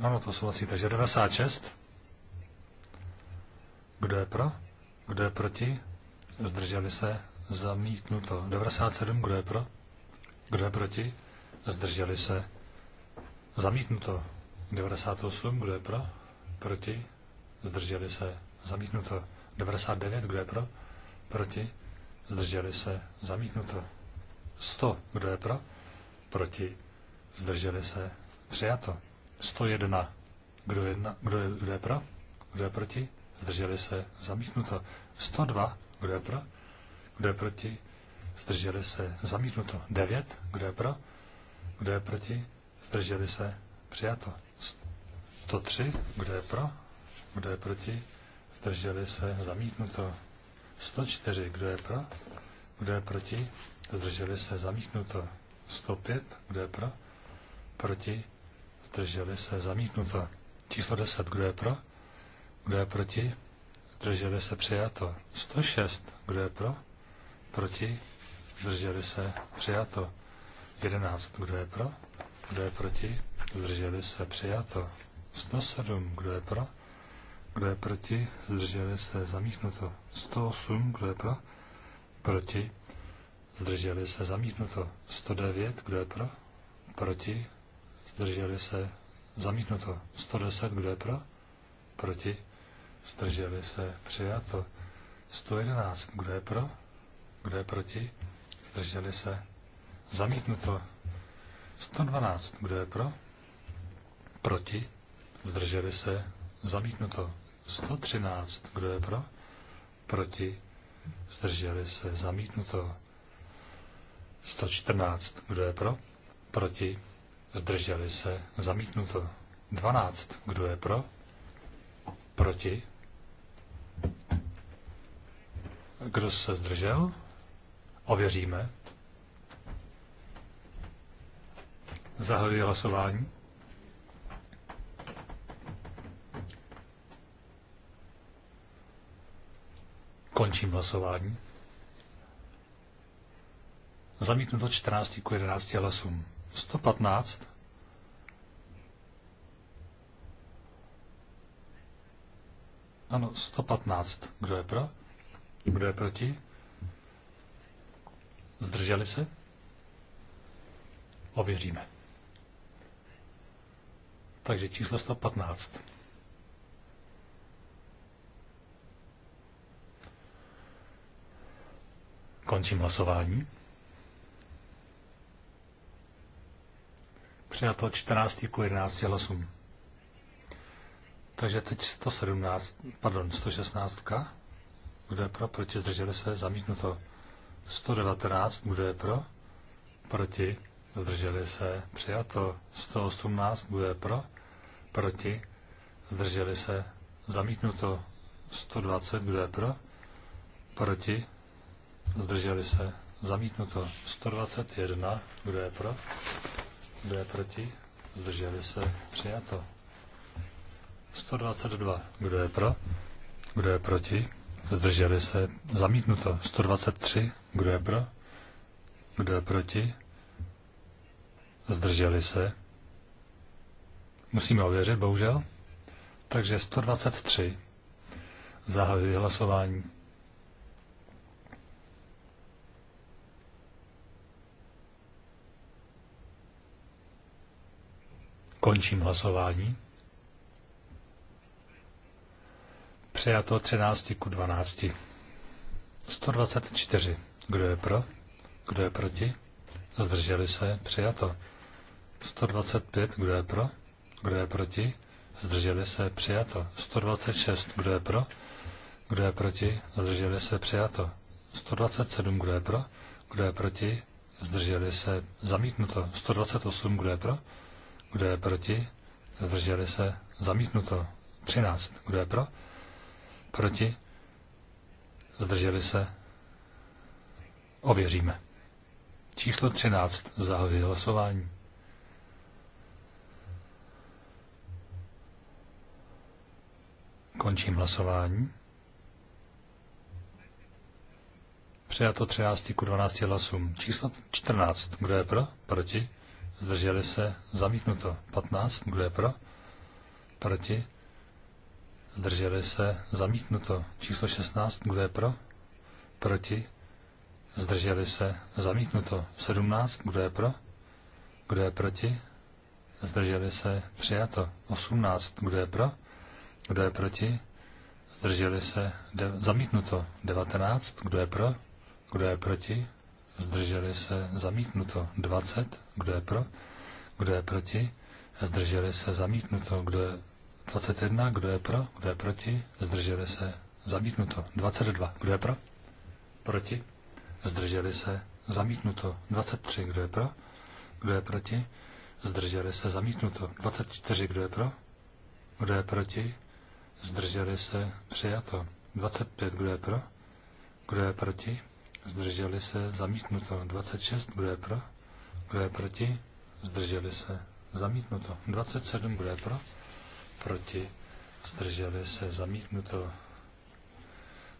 Ano, to souhlasí. Takže 96. Kdo je pro? Kdo je proti? Zdrželi se? Zamítnuto. 97. Kdo je pro? Kdo je proti? Zdrželi se? Zamítnuto. 98. Kdo je pro? Proti? Zdrželi se? Zamítnuto. 99. Kdo je pro? Proti? Zdrželi se? Zamítnuto. 100. Kdo je pro? Proti? Zdrželi se? Přijato. 101. Kdo, jedna, kdo, je, kdo je pro? Kdo je proti? Zdrželi se. Zamítnuto. 102. Kdo je pro? Kdo je proti? Zdrželi se. Zamítnuto. 9. Kdo je pro? Kdo je proti? Zdrželi se. Přijato. 103. Kdo je pro? Kdo je proti? Zdrželi se. Zamítnuto. 104. Kdo je pro? Kdo je proti? Zdrželi se. Zamítnuto. 105. Kdo je pro? Proti? zdrželi se, zamítnuto. Číslo 10, kdo je pro? Kdo je proti? Zdrželi se, přijato. 106, kdo je pro? Proti? Zdrželi se, přijato. 11, kdo je pro? Kdo je proti? Zdrželi se, přijato. 107, kdo je pro? Kdo je proti? Zdrželi se, zamítnuto. 108, kdo je pro? Proti? Zdrželi se, zamítnuto. 109, kdo je pro? Proti? zdrželi se, zamítnuto. 110, kdo je pro, proti, zdrželi se, přijato. 111, kdo je pro, kdo je proti, zdrželi se, zamítnuto. 112, kdo je pro, proti, zdrželi se, zamítnuto. 113, kdo je pro, proti, zdrželi se, zamítnuto. 114, kdo je pro, proti, Zdrželi se. Zamítnuto. 12. Kdo je pro? Proti? Kdo se zdržel? Ověříme. Zahajuji hlasování. Končím hlasování. Zamítnuto 14 k 11 hlasům. 115. Ano, 115. Kdo je pro? Kdo je proti? Zdrželi se? Ověříme. Takže číslo 115. Končím hlasování. Přijato 14 ku 11 hlasům. Takže teď 117, pardon, 116. Kdo je pro? Proti? Zdrželi se? Zamítnuto. 119. Kdo je pro? Proti? Zdrželi se? Přijato. 118. Kdo je pro? Proti? Zdrželi se? Zamítnuto. 120. Kdo je pro? Proti? Zdrželi se? Zamítnuto. 121. Kdo je pro? Kdo je proti? Zdrželi se? Přijato. 122. Kdo je pro? Kdo je proti? Zdrželi se? Zamítnuto. 123. Kdo je pro? Kdo je proti? Zdrželi se? Musíme ověřit, bohužel. Takže 123. Zahajuji hlasování. Končím hlasování. Přijato 13 ku 12. 124. Kdo je pro? Kdo je proti? Zdrželi se? Přijato. 125. Kdo je pro? Kdo je proti? Zdrželi se? Přijato. 126. Kdo je pro? Kdo je proti? Zdrželi se? Přijato. 127. Kdo je pro? Kdo je proti? Zdrželi se? Zamítnuto. 128. Kdo je pro? Kdo je proti? Zdrželi se? Zamítnuto. 13. Kdo je pro? Proti? Zdrželi se? Ověříme. Číslo 13. Zahajuji hlasování. Končím hlasování. Přijato 13 ku 12 hlasům. Číslo 14. Kdo je pro? Proti? zdrželi se, zamítnuto. 15, kdo je pro, proti, zdrželi se, zamítnuto. Číslo 16, kdo je pro, proti, zdrželi se, zamítnuto. 17, kdo je pro, kdo je proti, zdrželi se, přijato. 18, kdo je pro, kdo je proti, zdrželi se, de- zamítnuto. 19, kdo je pro, kdo je proti, zdrželi se, zamítnuto. 20, kdo je pro, kdo je proti, zdrželi se, zamítnuto. Kdo je 21, kdo je pro, kdo je proti, zdrželi se, zamítnuto. 22, kdo je pro, proti, zdrželi se, zamítnuto. 23, kdo je pro, kdo je proti, zdrželi se, zamítnuto. 24, kdo je pro, kdo je proti, zdrželi se, přijato. 25, kdo je pro, kdo je proti, zdrželi se, zamítnuto. 26, kdo je pro, kdo je proti, zdrželi se, zamítnuto. 27, kdo je pro, proti, zdrželi se, zamítnuto.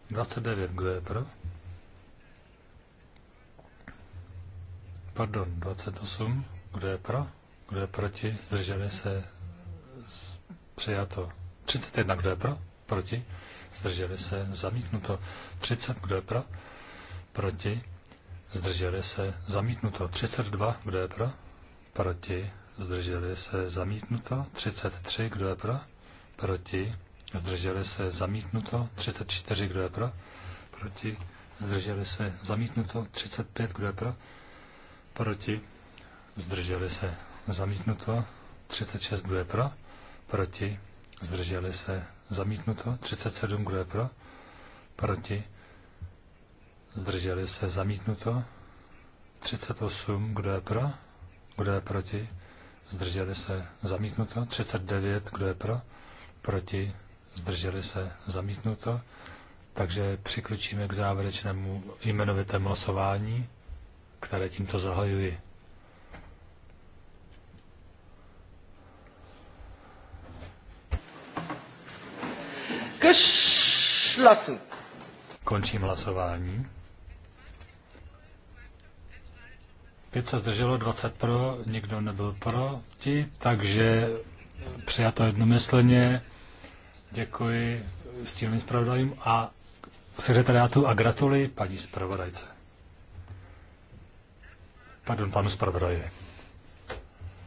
29, kdo je pro? Pardon, 28, kdo je pro? Kdo je proti? Zdrželi se, přijato. 31, kdo je pro? Proti? Zdrželi se, zamítnuto. 30, kdo je pro? Proti? Zdrželi se. Zamítnuto. 32. Kdo je pro? Proti? Zdrželi se. Zamítnuto. 33. Kdo je pro? Proti? Zdrželi se. Zamítnuto. 34. Kdo je pro? Proti? Zdrželi se. Zamítnuto. 35. Kdo je pro? Proti? Zdrželi se. Zamítnuto. 36. Kdo je pro? Proti? Zdrželi se. Zamítnuto. 37. Kdo je pro? Proti? Zdrželi se zamítnuto. 38. Kdo je pro? Kdo je proti? Zdrželi se zamítnuto. 39. Kdo je pro? Proti? Zdrželi se zamítnuto. Takže přikročíme k závěrečnému jmenovitému hlasování, které tímto zahajuji. Geschlossen. Končím hlasování. 5 se zdrželo, 20 pro, nikdo nebyl proti, takže přijato jednomyslně. Děkuji stínovým zpravodajům a sekretariátu a gratuluji paní zpravodajce. Pardon, panu zpravodajovi.